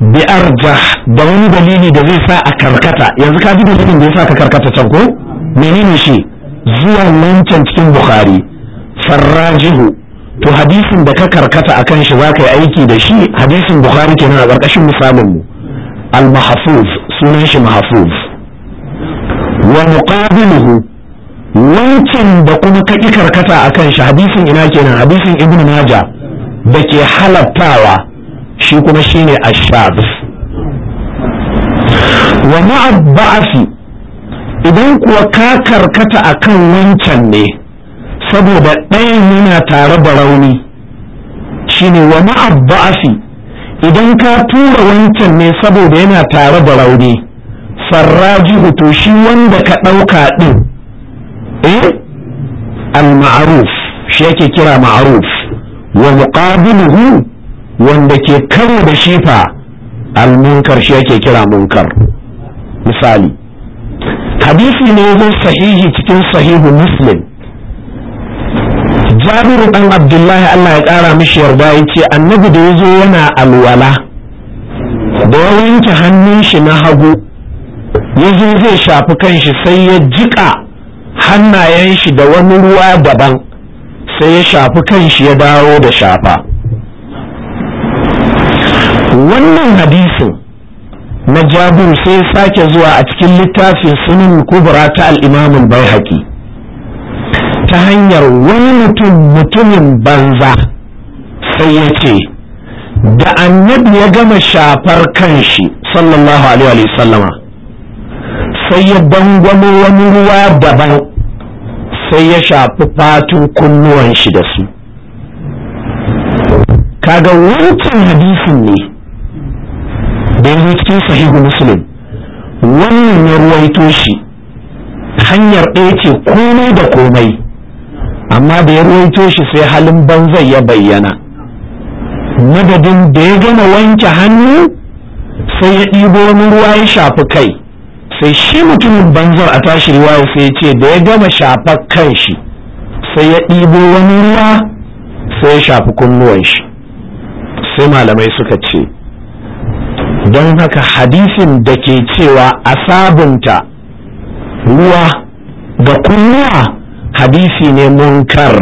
bi arjah da wani dalili da zai sa a karkata yanzu ka ji dalilin da ya sa ka karkata can ko menene shi zuwa wancan cikin bukhari farrajihu to hadisin da ka karkata akan shi za yi aiki da shi hadisin bukhari kenan a ƙarƙashin misalin mu al mahfuz sunan shi mahfuz wa muqabiluhu wancan da kuma ka ƙi karkata a kan shi hadisin ina kenan hadisin ibn maja da ke halattawa shi kuma shi a shabis wa ma'abba'afi idan kuwa ka karkata a kan wancan ne saboda ɗayan yana tare da rauni shi ne wa ma'abba'afi idan ka tura wancan ne saboda yana tare da rauni farrajihu to shi wanda ka ɗauka ɗin eh al-ma'ruf shi yake kira ma'ruf wa muqabiluhu wanda ke karo da shi fa al-munkar shi yake kira munkar misali hadisi ne zan sahihi cikin sahihu muslim jabiru dan abdullahi allah ya kara mishi yarda yace ce annabi da ya zo yana alwala da ya wanke hannun shi na hagu ya zo zai shafi kanshi sai ya jika hannayen shi da wani ruwa daban sai ya shafi kan shi ya dawo da shafa wannan hadisin na jabir sai sake zuwa a cikin littafin sunan kubra ta al'imamin bai ta hanyar wani mutum mutumin banza sai ya ce da annabi ya gama shafar kan shi. sallallahu alaihi wasallama sai ya bangwamo wani ruwa daban sai ya shafi fatun kunnuwan shi da su kaga wancan hadisin ne da ya cikin sahihu muslim wannan ya ruwaito shi hanyar ɗaya ce komai da komai amma da ya ruwaito shi sai halin banzai ya bayyana madadin da ya gama wanke hannu sai ya ɗibo wani ruwa ya shafi kai sai shi mutumin banzar a tashi riwaya sai ce da ya gama shafar kan shi sai ya ɗibo wani ruwa sai ya shafi kunnuwan shi sai malamai suka ce don haka hadisin da ke cewa a sabunta ruwa ga kunnuwa hadisi ne munkar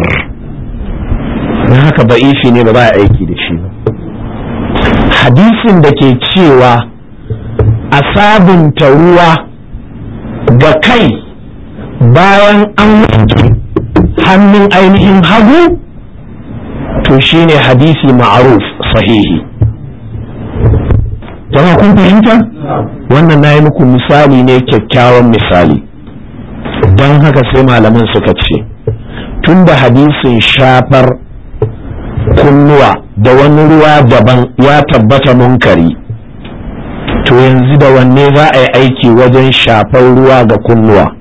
Na haka ba'ifi ne ba za a aiki da shi ba hadisin da ke cewa a sabunta ruwa ga kai bayan an wanke hannun ainihin hagu to shi ne hadisi ma'aruf sahihi jama'a kun fahimta wannan na yi muku misali ne kyakkyawan misali don haka sai malaman suka ce tun da hadisin shafar kunnuwa da wani ruwa daban ya tabbata munkari to yanzu da wanne za a yi aiki wajen shafar ruwa ga kunnuwa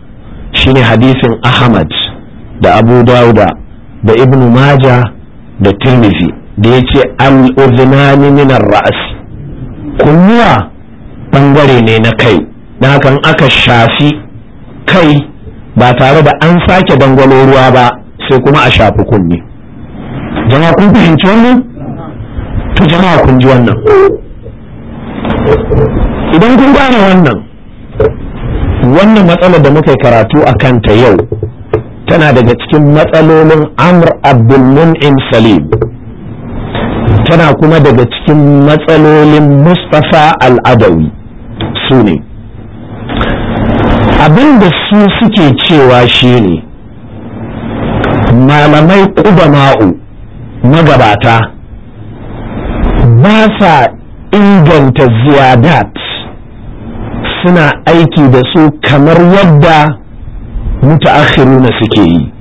shine hadisin ahmad da abu dauda da ibnu maja da Tirmizi da ya ce al'uzinani minar ra'as kunnuwa bangare ne na kai na aka shafi kai ba tare da an sake dangwalo ruwa ba sai kuma a shafi kunne jama'a kun fahimci wannan to jama'a kun ji wannan idan kun gane wannan wannan matsalar da muka karatu a kanta yau tana daga cikin matsalolin amr mun'im salim tana kuma daga cikin matsalolin mustapha al'adawi su ne abinda su suke cewa shi ne, malamai ƙubama'u magabata ba sa inganta ziyadat suna aiki da su kamar yadda mutaakhiruna suke yi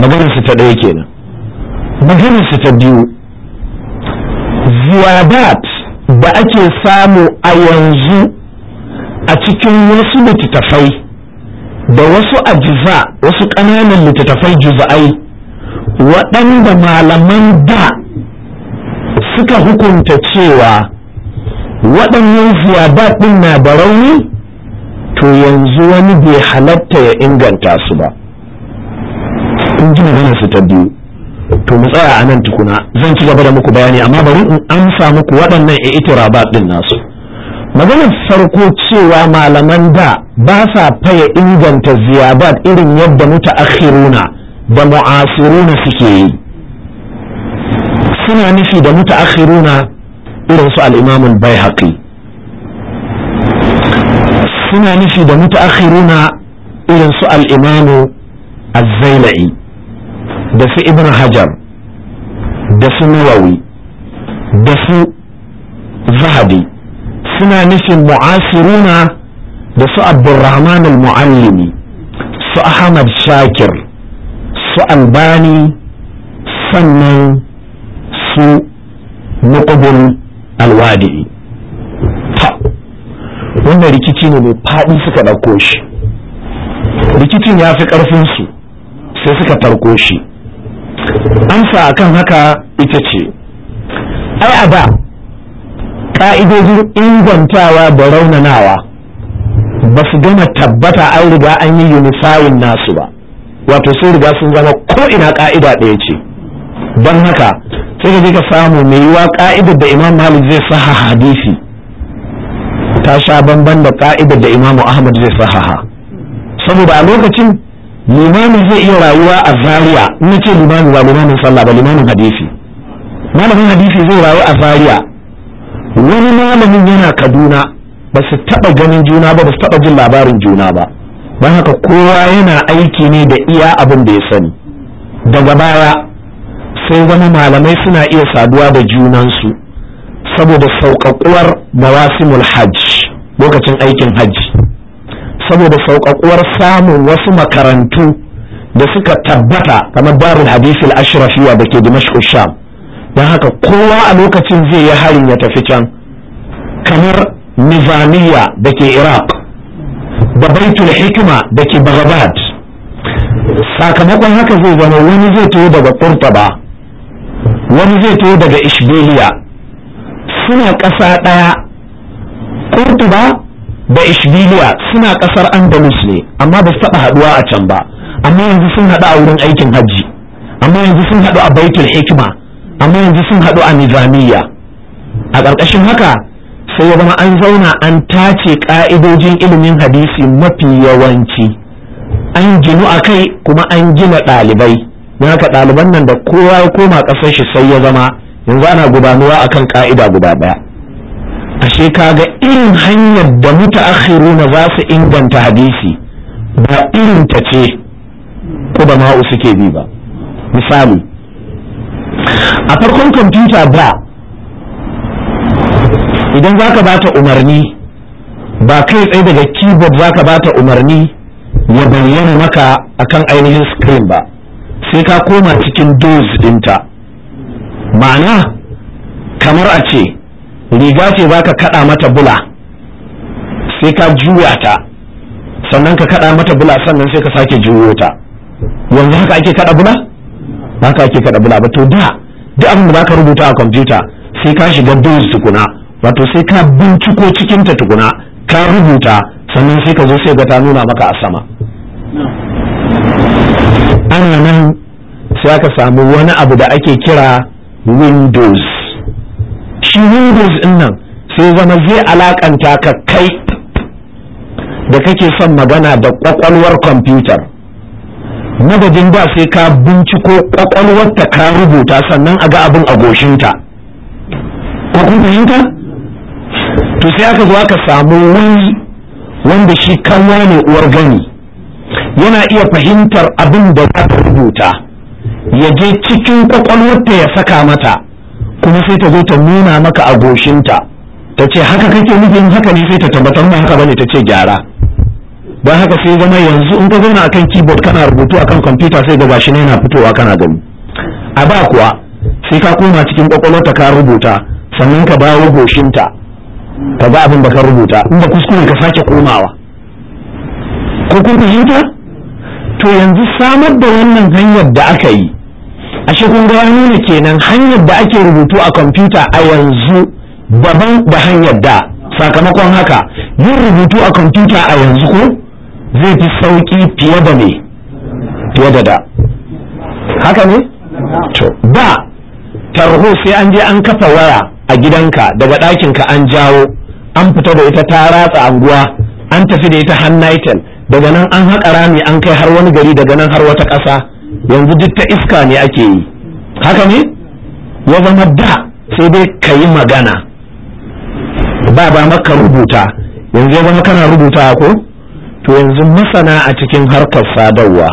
maganar su ta ɗaya kenan maganar su ta biyu ziyadat da ake samu a yanzu a cikin wasu littattafai da wasu ajiza wasu ƙananan littattafai juza'ai waɗanda malaman da suka hukunta cewa waɗannan ziyada ɗin na da rauni to yanzu wani bai halatta ya inganta su ba in ji magana su ta biyu to mu tsaya a nan tukuna zan ci gaba da muku bayani amma bari in amsa muku waɗannan e ba ɗin nasu maganar farko cewa malaman da ba sa faya inganta ziyadat irin yadda muta akhiruna da mu'asiruna suke yi suna nufi da mutaakhiruna irin su al bai haƙi suna nufi da mutaakhiruna irin su al-imam da su ibn hajar da su nawawi da su zahabi suna nufin mu'asiruna da su abdurrahman al-muallimi su ahmad shakir su albani sannan su nuqbun alwadi wannan rikici ne mai faɗi suka ɗauko shi rikicin ya fi ƙarfinsu sai suka tarko shi amsa akan haka ita ce ai a da ƙa'idojin ingantawa da raunanawa ba su gama tabbata an riga an yi unifayin nasu ba wato sun riga sun zama ko ina ƙa'ida ɗaya ce don haka sai ka je ka samu mai yiwa ka'idar da imam malik zai saha hadisi ta sha bamban da ka'idar da imam ahmad zai sahaha saboda a lokacin limamin zai iya rayuwa a zaria in ce limamin ba limamin sallah ba limamin hadisi malamin hadisi zai rayu a zaria wani malamin yana kaduna ba su taɓa ganin juna ba ba su taɓa jin labarin juna ba don haka kowa yana aiki ne da iya abin da ya sani daga baya sai zama malamai suna iya saduwa da junansu saboda sauƙaƙuwar mawasimul hajj lokacin aikin hajji saboda sauƙaƙuwar samun wasu makarantu da suka tabbata kamar darul hadisul ashrafiya da ke dimashq sham don haka kowa a lokacin zai yi harin ya tafi can kamar nizamiya da ke iraq da baitul hikima da ke baghdad sakamakon haka zai zama wani zai taho daga ba. wani zai to daga ishbiliya suna ƙasa ɗaya kurtuba da ishbiliya suna ƙasar andalus ne amma ba su taɓa haɗuwa a can ba amma yanzu sun haɗu a wurin aikin hajji amma yanzu sun haɗu a baitul hikima. amma yanzu sun haɗu a nizamiya a ƙarƙashin haka sai ya zama an zauna an tace ƙa'idojin ilimin hadisi mafi yawanci an ginu a kai kuma an gina ɗalibai ya fa ɗaliban nan da kowa ya koma ƙasar shi sai ya zama yanzu ana gudanuwa kan ƙa'ida guda ɗaya ashe ga irin hanyar da na za su inganta hadisi ba irin ta ce ko da ma'u suke bi ba misali a farkon kwamfuta ba idan za ka ba ta umarni ba kai tsaye daga keyboard za ka ba ta umarni ya bayyana maka akan ainihin screen ba sai ka koma cikin doze dinta ma'ana kamar a ce riga ce za ka kaɗa mata bula sai ka juya ta sannan ka kaɗa mata bula sannan sai ka sake juyo ta yanzu haka ake kaɗa bula ba ka ake kaɗa bula ba to da duk abin da ba ka rubuta a kwamfuta sai ka shiga doze tukuna wato sai ka binciko cikinta tukuna ka rubuta sannan sai ka zo sai ga ta nuna maka a sama ana nan sai aka samu wani abu da ake kira windows shi windows din nan sai zama zai alakanta ka kai da kake son magana da kwakwalwar kwamfutar madadin ba sai ka binciko kwakwalwar ta ka rubuta sannan a ga abin a goshinta ko kun fahimta to sai aka zo aka samu wani wanda shi kanwa ne uwar gani yana iya fahimtar abin da za ka rubuta ya je cikin kwakwalwarta ya saka mata kuma sai ta zo ta nuna maka a goshinta ta ce haka kake nufin haka ne sai ta tabbatar ma haka bane ta ce gyara don haka sai zama yanzu in ka zauna kan keyboard kana rubutu a kan kwamfuta sai ga gashi ne yana fitowa kana gani a ba kuwa sai ka koma cikin kwakwalwarta ka rubuta sannan ka bayo goshinta ka ga abin da ka rubuta in ba kuskure ka sake komawa ko kun fahimta to yanzu samar da wannan hanyar da aka yi a kun ga nuna kenan hanyar da ake rubutu a kwamfuta a yanzu daban da hanyar da sakamakon haka yin rubutu a kwamfuta a yanzu ko zai fi sauki fiye da ne fiye da da haka ne to da tarho sai an je an kafa waya a gidanka daga ɗakinka an jawo an fita da ita ta ratsa anguwa an tafi da ita hannaitel daga nan an haƙa rami an kai har wani gari daga nan har wata ƙasa yanzu duk ta iska ne ake yi haka ne ya zama da sai dai ka yi magana ba ba maka rubuta yanzu ya zama kana rubuta ko to yanzu masana a cikin harkar sadarwa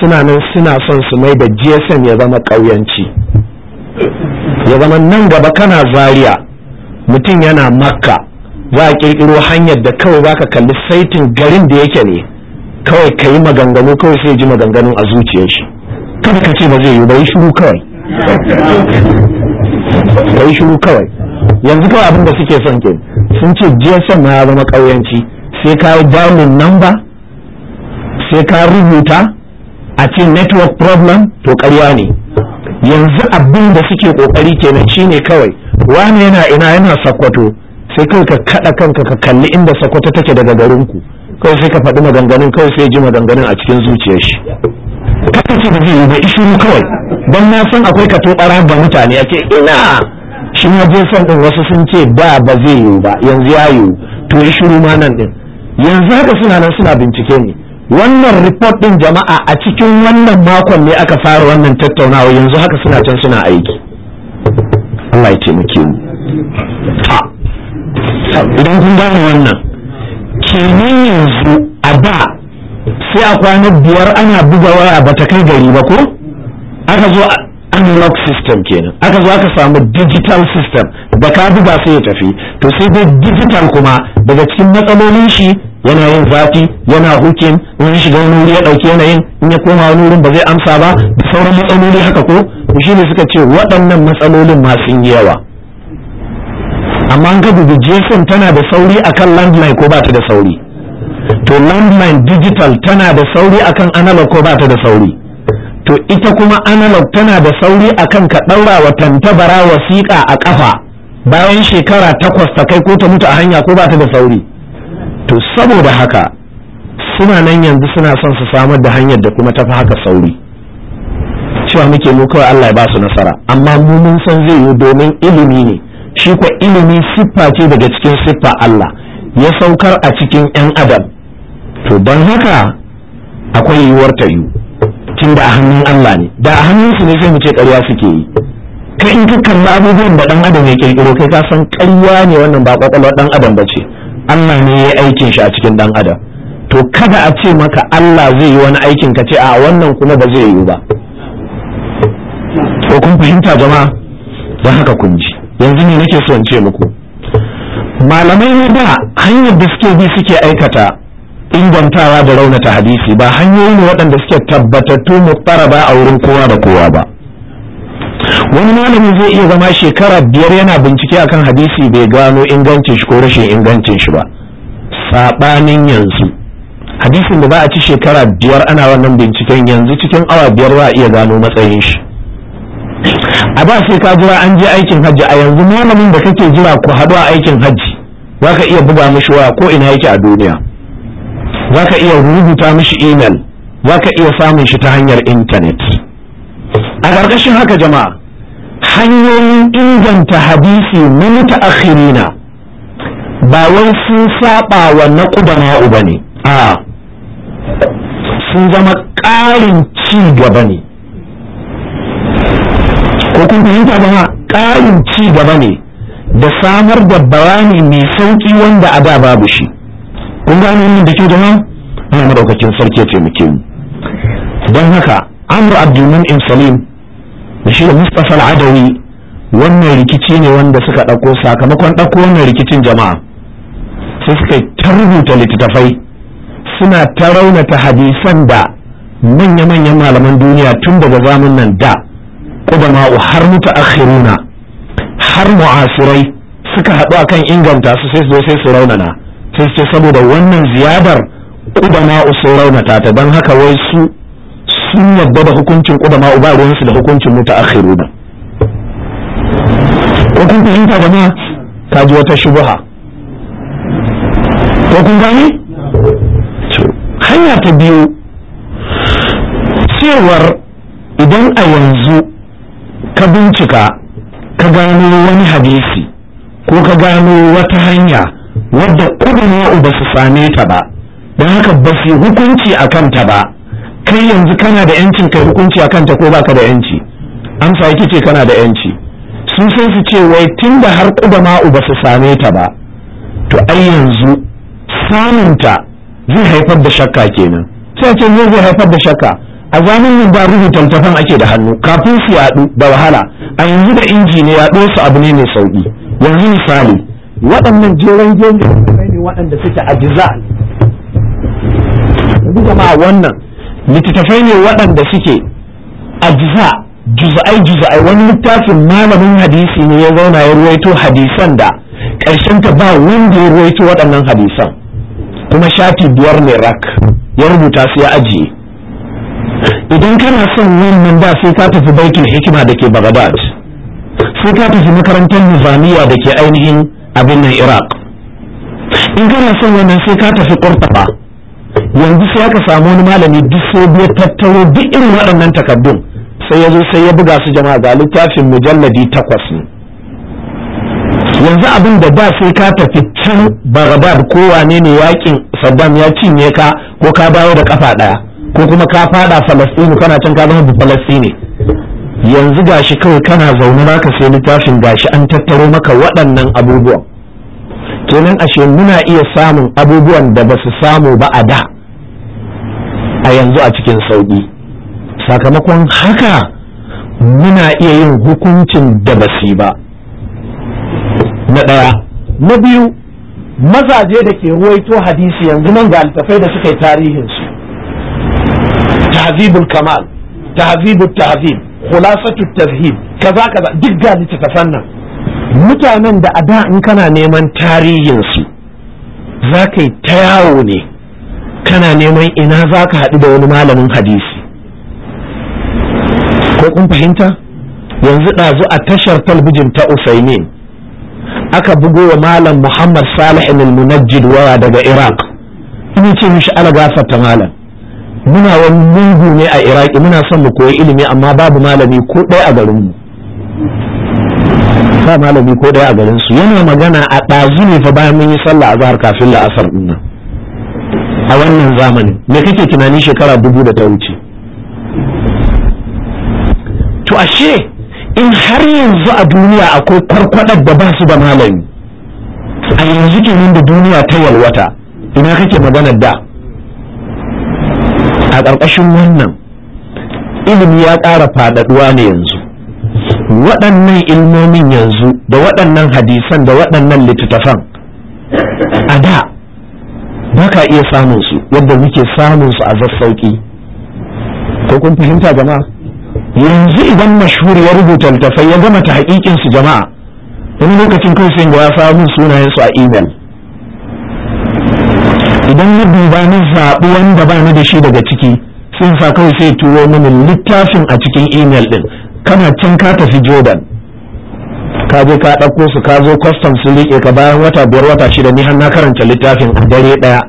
suna nan suna son su mai da gsm ya zama ƙauyanci ya zama nan gaba kana zaria mutum yana makka za a kirkiro hanyar da kawai za ka kalli saitin garin da yake ne kawai ka yi maganganu kawai sai ji maganganun a zuciyar shi kada ka ce ba zai yi bai shuru kawai bai shuru kawai yanzu kawai abin da suke son ke sun ce jiya son na ya zama ƙauyanci sai ka yi nan number sai ka rubuta a ce network problem to ƙarya ne yanzu abin da suke ƙoƙari kenan shine kawai wani yana ina yana sakwato sai kai ka kada kanka ka kalli inda sakwata take daga garin ku kawai sai ka faɗi maganganun kawai sai ji maganganun a cikin zuciyar shi kaka ce ba zai yi ba ishiru kawai don na san akwai ka tobara ba mutane ake ce ina shi ma je san din wasu sun ce ba ba zai yi ba yanzu ya yi to ishiru ma nan din yanzu haka suna nan suna bincike ne wannan report din jama'a a cikin wannan makon ne aka fara wannan tattaunawa yanzu haka suna can suna aiki Allah ya ce muke mu idan kun gane wannan kenan yanzu a da sai a kwana biyar ana buga waya ba ta kai gari ba ko aka zo analog system kenan aka zo aka samu digital system da ka buga sai ya tafi to sai dai digital kuma daga cikin matsalolin shi yana yin zafi yana hukin wani shiga wani wuri ya dauki yanayin in ya koma wani wurin ba zai amsa ba da sauran matsaloli haka ko shi ne suka ce waɗannan matsalolin masu yi yawa amma an ka da tana da sauri akan landline ko ba ta da sauri to landline digital tana da sauri akan analog ko ba ta da sauri to ita kuma analog tana da sauri akan ka ɗaura wa tantabara wasiƙa a ƙafa bayan shekara takwas ta kai ko ta mutu a hanya ko ba ta da sauri to saboda haka suna nan yanzu suna son su samar da hanyar da kuma tafi haka sauri cewa muke mu kawai Allah ya ba su nasara amma mu mun san zai yi domin ilimi ne shi ko ilimi siffa ce daga cikin siffa Allah ya saukar a cikin 'yan adam to don haka akwai yiwuwar ta yiwu tun da a hannun Allah ne da a hannun su ne sai mu ce ƙarya suke yi Ka in ka kalli abubuwan da ɗan adam ya kirkiro kai ka san ƙarya ne wannan ba kwakwalwar ɗan adam ba ce Allah ne ya aikin shi a cikin ɗan adam to kada a ce maka Allah zai yi wani aikin ka ce a wannan kuma ba zai yi ba ko kun fahimta jama'a don haka kun ji yanzu ne nake so in ce muku malamai da hanyar da suke bi suke aikata ingantawa da raunata hadisi ba hanyoyi ne waɗanda suke tabbatattu mutsara ba a wurin kowa da kowa ba wani malami zai iya zama shekara biyar yana bincike akan hadisi bai gano ingancin shi ko rashin ingancin shi ba saɓanin yanzu hadisin da za a ci shekara biyar ana wannan binciken yanzu cikin awa biyar za a iya gano matsayin shi a ba sai ka jira an je aikin hajji a yanzu malamin da kake jira ku haɗu a aikin hajji za ka iya buga mishi waya ko ina yake a duniya za ka iya rubuta mishi email za ka iya samun shi ta hanyar intanet a ƙarƙashin haka jama'a hanyoyin inganta hadisi na mutaakhirina ba wai sun saba wa na ƙudana'u ba ne a sun zama ƙarin ci gaba ne ko kun fahimta ba ƙarin ci gaba ne da samar da bayani mai sauƙi wanda a da babu shi kun gane wannan da ke da ina ana madaukakin sarki ya taimake mu don haka amr in salim da shi da mustapha al'adawi wannan rikici ne wanda suka ɗauko sakamakon ɗauko wannan rikicin jama'a sai suka ta rubuta littattafai suna ta raunata hadisan da manya-manyan malaman duniya tun daga zamun nan da ƙudama'u har mutaakhiruna har mu'asirai suka haɗu akan inganta su sai su sai su raunana sai su ce saboda wannan ziyadar ƙudama'u sun raunata ta don haka wai su sun yadda da hukuncin ƙudama'u ba ruwansu da hukuncin mutaakhiruna ko kun fahimta jama'a ta ji wata shubuha ko kun gane hanya ta biyu cewar idan a yanzu ka bincika ka gano wani hadisi ko ka gano wata hanya wadda kudin uba su same ta ba don haka ba su hukunci a kanta ba kai yanzu kana da yancin kai hukunci a kanta ko baka da yanci amsa yake ce kana da yanci sun sai su ce wai tun da har ma uba su same ta ba to ai yanzu samunta zai haifar da shakka kenan sai ce zai haifar da shakka a zamanin ba ruhu tantafan ake da hannu kafin su yadu da wahala a yanzu da inji ne ya su abu ne mai sauƙi yanzu misali waɗannan jeren jeren ne waɗanda suke ajiza yanzu ma wannan littattafai ne waɗanda suke jiza juz'ai juz'ai wani littafin malamin hadisi ne ya zauna ya ruwaito hadisan da ƙarshen ta ba wanda ya ruwaito waɗannan hadisan kuma shafi biyar ne rak ya rubuta su ya ajiye idan kana son wannan da sai ka tafi baitul hikima da ke bagdad sai ka tafi makarantar nizamiya da ke ainihin abin nan iraq in kana son wannan sai ka tafi kurtaba yanzu sai aka samu wani malami duk sai biya tattaro duk irin waɗannan takaddun sai ya zo sai ya buga su jama'a ga littafin mujalladi takwas ne yanzu abin da ba sai ka tafi can bagdad ko wane ne yakin saddam ya cinye ka ko ka bayo da kafa ɗaya ko kuma ka fada Falastini kana can ka zama falastini yanzu gashi kawai kana zaune naka sai littafin gashi an tattaro maka waɗannan abubuwan kenan ashe muna iya samun abubuwan da ba su samu ba a da a yanzu a cikin sauƙi sakamakon haka muna iya yin hukuncin da ba su ba na ɗaya na biyu mazaje da ke ruwaito hadisi yanzu nan ga altafai da suka yi tarihinsu tahzibul kamal tahzibut tahzib khulasatu tazhib kaza kaza duk ga littattafan nan mutanen da a da in kana neman tarihinsu za ka yi ta yawo ne kana neman ina za ka haɗu da wani malamin hadisi ko kun fahimta yanzu ɗazu a tashar talbijin ta usaimin aka bugo wa malam muhammad salih al-munajjid waya daga iraq Ina ce mishi ala gafarta malam muna wani mugu ne a iraki muna son mu koyi ilimi amma babu malami ko ɗaya a garinmu ba malami ko ɗaya a garinsu yana magana a ɗazu ne fa bayan mun yi sallah a zahar kafin la'asar nan a wannan zamanin me kake tunani shekara dubu da ta wuce to ashe in har yanzu a duniya akwai kwarkwadar da ba su da malami a yanzu kenan da duniya ta yalwata ina kake maganar da a ƙarƙashin wannan ilimi ya ƙara faɗaɗuwa ne yanzu waɗannan ilmomin yanzu da waɗannan hadisan da waɗannan littattafan a da ba ka iya samun su yadda muke samun su a zassauƙi ko kun fahimta jama'a yanzu idan mashuri ya rubuta littattafai ya gama ta haƙiƙinsu jama'a wani lokacin kawai sai ya samun sunayensu a imel idan na duba na zaɓi wanda ba ni da shi daga ciki sun sa kawai sai turo mini littafin a cikin email din kana can ka tafi jordan ka je ka ɗauko su ka zo kwastam su riƙe ka bayan wata biyar wata shida ni har na karanta littafin a dare ɗaya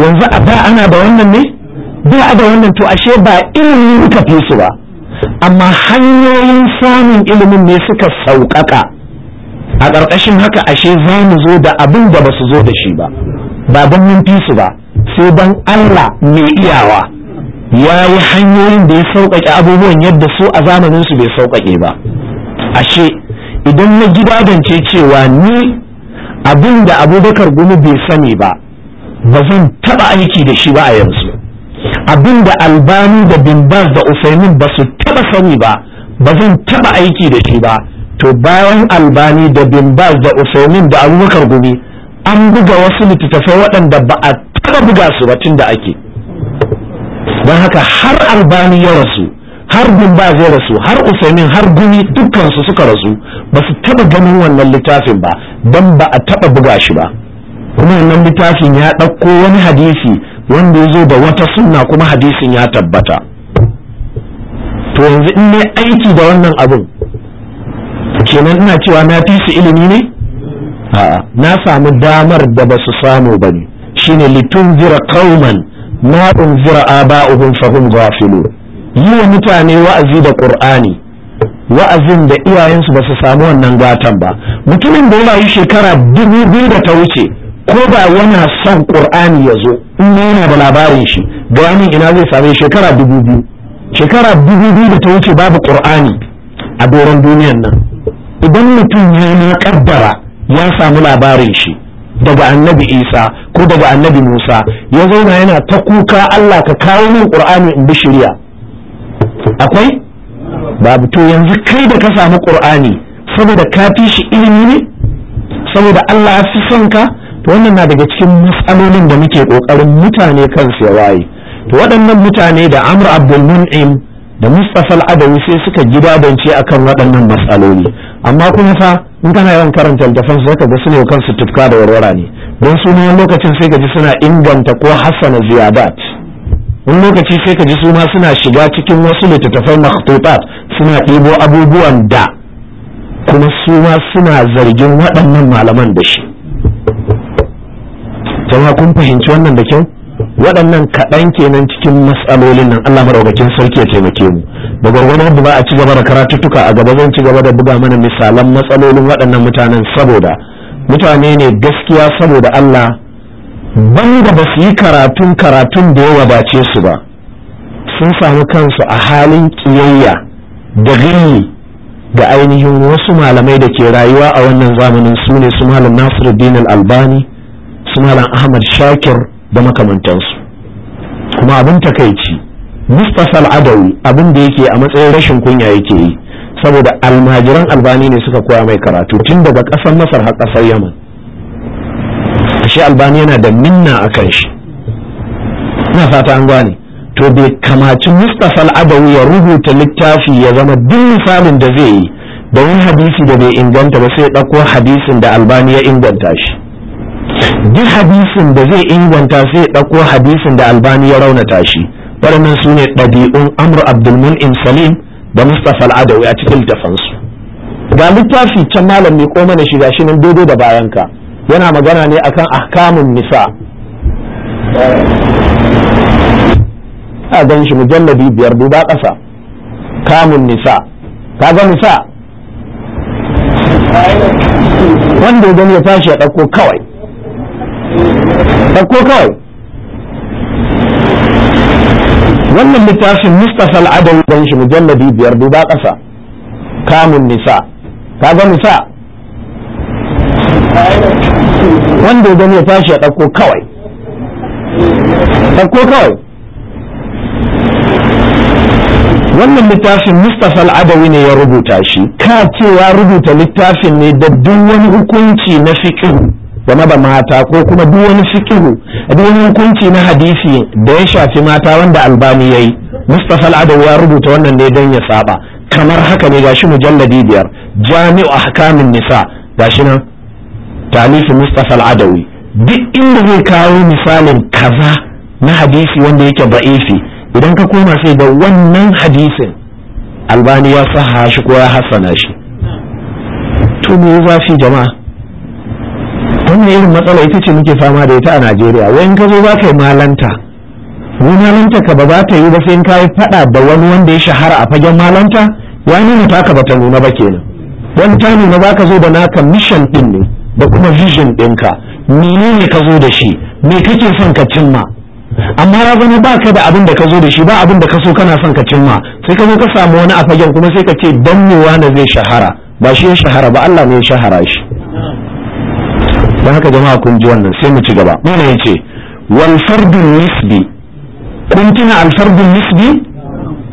yanzu a ba ana da wannan ne da a da wannan to ashe ba ilimin ka fi su ba amma hanyoyin samun ilimin ne suka sauƙaƙa a ƙarƙashin haka ashe za mu zo da abin da ba su zo da shi ba ba don mun fi su ba sai don Allah mai iyawa ya yi hanyoyin da ya sauƙaƙe abubuwan yadda su a zamanin su bai sauƙaƙe ba ashe idan na gidadance cewa ni abin da abubakar gumi bai sani ba ba zan taɓa aiki da shi ba a yanzu abin da albani da bimbas da usaimin ba su taɓa sani ba ba zan taɓa aiki da shi ba to bayan albani da bin da usaimin da abubakar gumi an buga wasu littattafai waɗanda ba a taɓa buga su ba tun da ake don haka har albani ya rasu har bin baz ya rasu har usaimin har gumi dukkansu suka rasu ba su taɓa ganin wannan littafin ba don ba a taɓa buga shi ba kuma wannan littafin ya ɗauko wani hadisi wanda ya zo da wata sunna kuma hadisin ya tabbata to yanzu in ne aiki da wannan abin kenan ina cewa na fi su ilimi ne a'a na samu damar da ba su samu ba ne Shi ne litun zira kauman ma unzira aba'uhum fahim gafilo. yi wa mutane wa'azi da ƙur'ani wa'azin da iyayensu ba su samu wannan gatan ba mutumin da ya shekara dubu biyu da ta wuce ko ba wana son ƙur'ani ya zo in yana da labarin shi gani ina zai same shekara dubu biyu shekara dubu biyu da ta wuce babu ƙur'ani a doron duniyan nan idan mutum ya ma kaddara ya samu labarin shi daga annabi isa ko daga annabi musa ya zauna yana ta kuka allah ka kawo min qur'ani in bi shirya akwai babu to yanzu kai da ka samu qur'ani saboda ka fi shi ilimi ne saboda allah ya fi son ka to wannan na daga cikin matsalolin da muke kokarin mutane kansu ya waye to waɗannan mutane da amr abdul mun'im da Mustapha al'adawi sai suka gida gidadance akan waɗannan matsaloli amma kuma fa in kana yawan karanta littafan su zaka ga su yau kansu tufka da warwara ne don su lokacin sai ka ji suna inganta ko hassana ziyadat wani lokaci sai ka ji su ma suna shiga cikin wasu littattafai makhtutat suna ɗibo abubuwan da kuma su ma suna zargin waɗannan malaman da shi jama'a kun fahimci wannan da kyau waɗannan kaɗan kenan cikin matsalolin nan Allah maraukakin sarki ya taimake mu da gwargwado da ba a ci gaba da karatuttuka a gaba zan ci gaba da buga mana misalan matsalolin waɗannan mutanen saboda mutane ne gaskiya saboda Allah banda ba su yi karatun karatun da ya wadace su ba sun samu kansu a halin kiyayya da gini ga ainihin wasu malamai da ke rayuwa a wannan zamanin su ne su malam nasiruddin Dinar albani su malam ahmad shakir da makamantansu kuma abin takaici Mustapha al-Adawi abin da yake a matsayin rashin kunya yake yi saboda almajiran albani ne suka koya mai karatu tun daga ƙasar masar har ƙasar yaman ashe albani yana da minna a kan shi ina fata an gane to bai kamaci mustapha al'adawi ya rubuta littafi ya zama duk misalin da zai yi da wani hadisi da bai inganta ba sai ya ɗauko hadisin da albani ya inganta shi duk hadisin da zai inganta sai ɗauko hadisin da albani ya raunata shi waɗannan su ne ɗabi'un amr abdulmun'im salim da mustapha al'adawi a cikin littafansu ga littafi can malam mai koma da shiga shi nan daidai da bayanka yana magana ne akan ahkamun nisa a gan shi mujallabi biyar duba ƙasa kamun nisa ka ga nisa wanda gani ya tashi ya ɗauko kawai ɗauko kawai wannan littafin mustafa al'adawi dan shi mujalladi biyar duba ƙasa kamun nisa kaga nisa wanda ya gani ya tashi ya ɗauko kawai ɗauko kawai wannan littafin Mustapha al'adawi ne ya rubuta shi ka ce ya rubuta littafin ne da duk wani hukunci na fiqh game da mata ko kuma duk wani fikihu duk wani hukunci na hadisi da ya shafi mata wanda albani yi mustafa al'adau ya rubuta wannan ne don ya saba kamar haka ne gashi mujalladi biyar jami'u ahkamin nisa gashi nan talifi mustafa al'adawi duk inda zai kawo misalin kaza na hadisi wanda yake ba'ifi idan ka koma sai da wannan hadisin albani ya saha shi ko ya hassana shi to me zafi jama'a wannan irin matsala ita ce muke fama da ita a Najeriya wai in ka zo za ka yi malanta wani malanta ka ba za ta yi ba sai in ka yi fada da wani wanda ya shahara a fagen malanta ya nuna taka ba ta nuna ba kenan wani ta nuna ba ka zo da naka mission din ne da kuma vision ɗinka ne ka zo da shi me kake son ka cimma amma ya zama ba ka da abin da ka zo da shi ba abin da ka so kana son ka cimma sai ka zo ka samu wani a fagen kuma sai ka ce dan me wani zai shahara ba shi ya shahara ba Allah ne ya shahara shi don haka jama'a kun ji wannan sai mu ci gaba nuna ya ce wal fardun nisbi kun tuna al fardun nisbi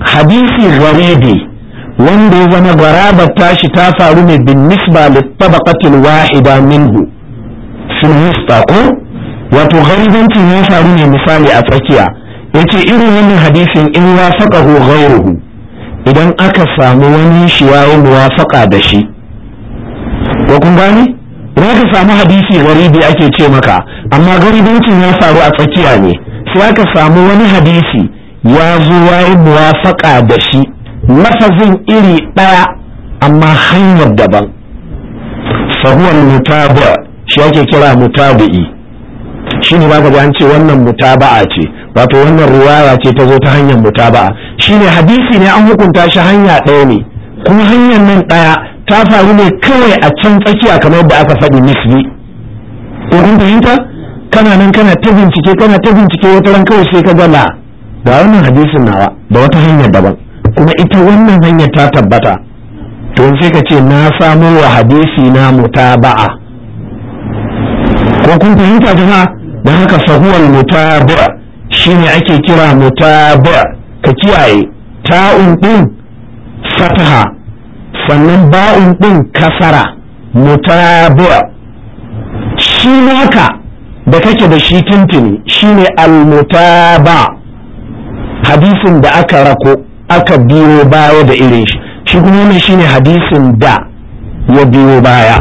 hadisi gharibi wanda ya zama garabar tashi ta faru ne bin nisba li tabaqatil wahida minhu sun nisba ko wato gharibancin ya faru ne misali a tsakiya ya ce irin wannan hadisin in ko ghayruhu idan aka samu wani shi yayi muwafaqa da shi ko kun gane za ka samu hadisi garibi ake ce maka amma garibancin ya faru a tsakiya ne sai aka samu wani hadisi ya zo ya yi muwafaka da shi lafazin iri ɗaya amma hanyar daban sahuwar mutaba shi ake kira mutabi'i shi ne ba ga an ce wannan mutaba'a ce wato wannan ruwaya ce ta zo ta hanyar mutaba'a shi ne hadisi ne an hukunta shi hanya ɗaya ne kuma hanyar nan ɗaya ta faru ne kawai a can tsakiya kamar da aka faɗi misli ko kun fahimta kana nan kana ta bincike kana ta bincike wata ran kawai sai ka ga da ba wannan hadisin nawa da wata hanyar daban kuma ita wannan hanyar ta tabbata to sai ka ce na samo wa hadisi na mutaba'a ko kun fahimta jama'a da haka sahuwal mutaba'a shine ake kira mutaba'a ka kiyaye ta'un din fataha Sannan ba'un ɗin kasara mutabi'a shi naka da kake da shi tuntuni shine al-mutaba hadisin da aka rako aka biyo baya da irin shi shi kuma wannan shine hadisin da ya biyo baya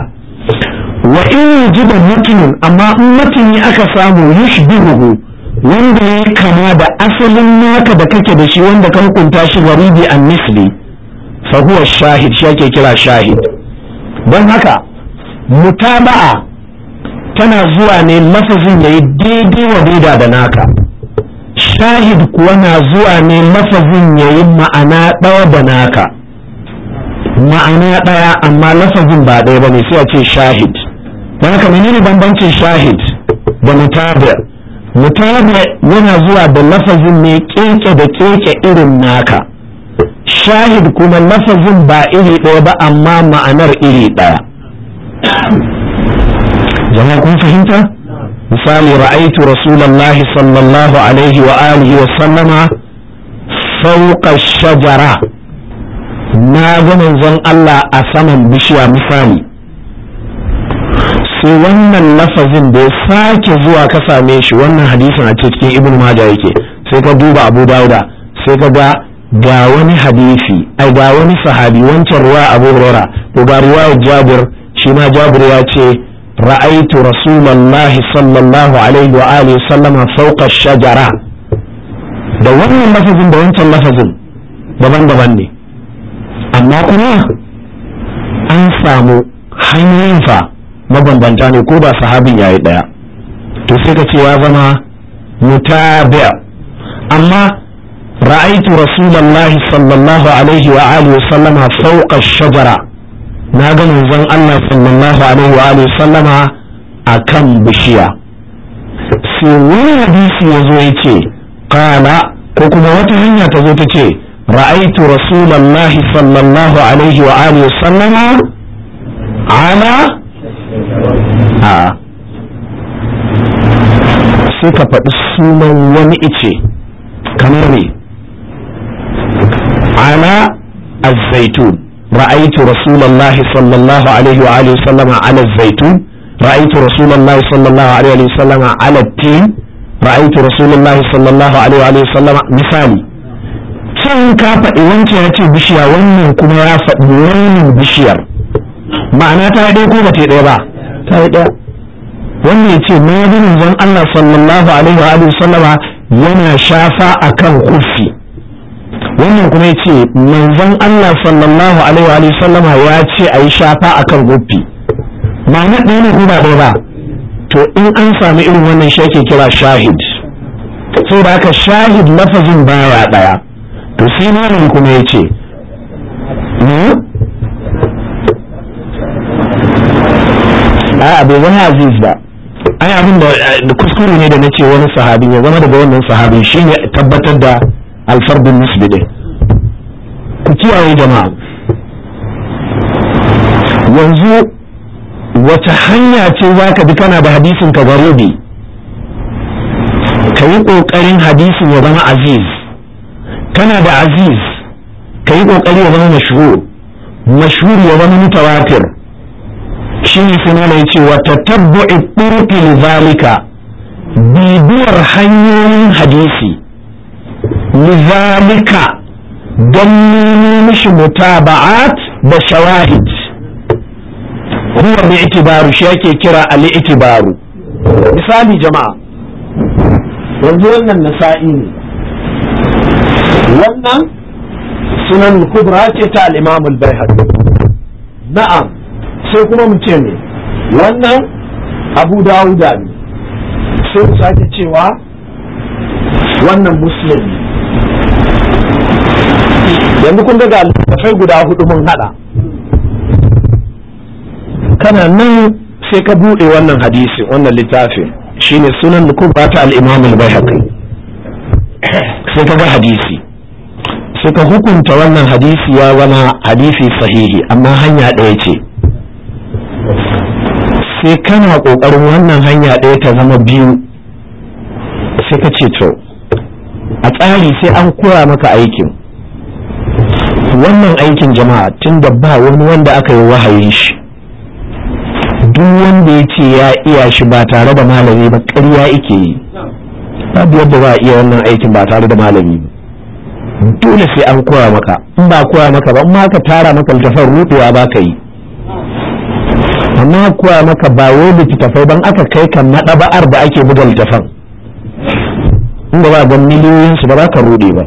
wa in yujiba mutumin amma in aka samu yushbihu wanda ya kama da asalin naka da kake da shi wanda ka hukunta shi garibi an misli fa shahid shi ake kira shahid don haka mutaba'a tana zuwa ne lafazin yayi daidai wa daida da naka shahid kuwa na zuwa ne lafazin yayi ma'ana ɗawa da naka ma'ana ɗaya amma lafazin ba ɗaya ba ne sai a ce shahid don haka menene bambancin shahid da mutabi mutabi yana zuwa da lafazin ne keke da keke irin naka shahid kuma lafazin ba iri ɗaya ba amma ma'anar iri ɗaya jama'a kun fahimta misali ra'aitu rasulullahi sallallahu alaihi wa alihi wa sallama fauqa shajara na ga manzon Allah a saman bishiya misali sai wannan lafazin da ya sake zuwa ka same shi wannan hadisin a cikin ibn majah yake sai ka duba abu dauda sai ka ga ga wani hadisi A ga wani sahabi wancan ruwa abu rora ko ga ruwa jabir shi ma jabir ya ce ra'aitu rasulullahi sallallahu alaihi wa alihi sallama fawqa shajara da wannan lafazin da wancan lafazin daban-daban ne amma kuma an samu hanyoyin fa mabambanta ne ko ba sahabin yi daya to sai ka ce ya zama mutabi' amma ra'aitu rasulullahi sallallahu alaihi wa alihi wa sallama fawqa shajara na ga manzon Allah sallallahu alaihi wa alihi wa sallama akan bishiya sai wani hadisi yazo yace qala ko kuma wata hanya ta zo ta ce ra'aitu rasulullahi sallallahu alaihi wa alihi wa sallama ala a ka faɗi sunan wani ice kamar ne Ana az-zaitun ra'aytu rasulullahi sallallahu alaihi wa alihi sallama ala az-zaitun ra'aytu rasulullahi sallallahu alaihi wa sallama ala tin ra'aytu rasulullahi sallallahu alaihi wa alihi sallama misali can ka faɗi wancan ya ce bishiya wannan kuma ya faɗi wannan bishiyar ma'ana ta yi ko ba ta ɗaya ba ta ɗaya wannan ya ce na bi zan Allah sallallahu alaihi wa sallama yana shafa akan kufi wannan kuma yace manzon Allah sallallahu alaihi wa sallama ya ce ayi shafa akan guffi ma'ana ɗaya ne ko ba ɗaya ba to in an sami irin wannan shi ake kira shahid saboda ka shahid lafazin baya ɗaya to sai malam kuma yace a'a bai zama aziz ba ai abin da eh, kuskure ne da nace wani sahabi ya zama daga wannan sahabin shine tabbatar da alfardun nisbi din ku kiyaye jama'a yanzu wata hanya ce za ka bi kana da hadisin ka garibi ka yi ƙoƙarin hadisin ya zama aziz kana da aziz ka yi ƙoƙari ya zama Mashuru mashhur ya zama mutawatir shi ne sunana ce wa tatabbu'i turqi lidhalika bibiyar hanyoyin hadisi lizalika don nuni mishi mutaba'at da shawahid huwa bi itibaru shi yake kira ali itibaru misali jama'a yanzu wannan nasa'i ne wannan sunan kubra ce ta al'imamul bai na'am sai kuma mu ce ne wannan abu dawuda ne sai mu sake cewa wannan musulmi yanzu kun ga littattafai guda hudu mun hada kana nan sai ka bude wannan hadisi wannan littafi shine sunan kubra ta al-imam al-bayhaqi sai ka ga hadisi sai ka hukunta wannan hadisi ya zama hadisi sahihi amma hanya ɗaya ce sai kana kokarin wannan hanya ɗaya ta zama biyu sai ka ce to a tsari sai an kura maka aikin wannan aikin jama'a tunda ba wani wanda aka yi wahayin shi duk wanda ya ce ya iya shi ba tare da malami ba ƙarya ike yi babu yadda ba a iya wannan aikin ba tare da malami ba dole sai an koya maka in ba koya maka ba in ma ka tara maka littafin rudewa ba ka yi amma koya maka ba wai littattafai ban aka kai ka maɗaba'ar da ake buga littafan in ba ga miliyoyin su ba za ka rude ba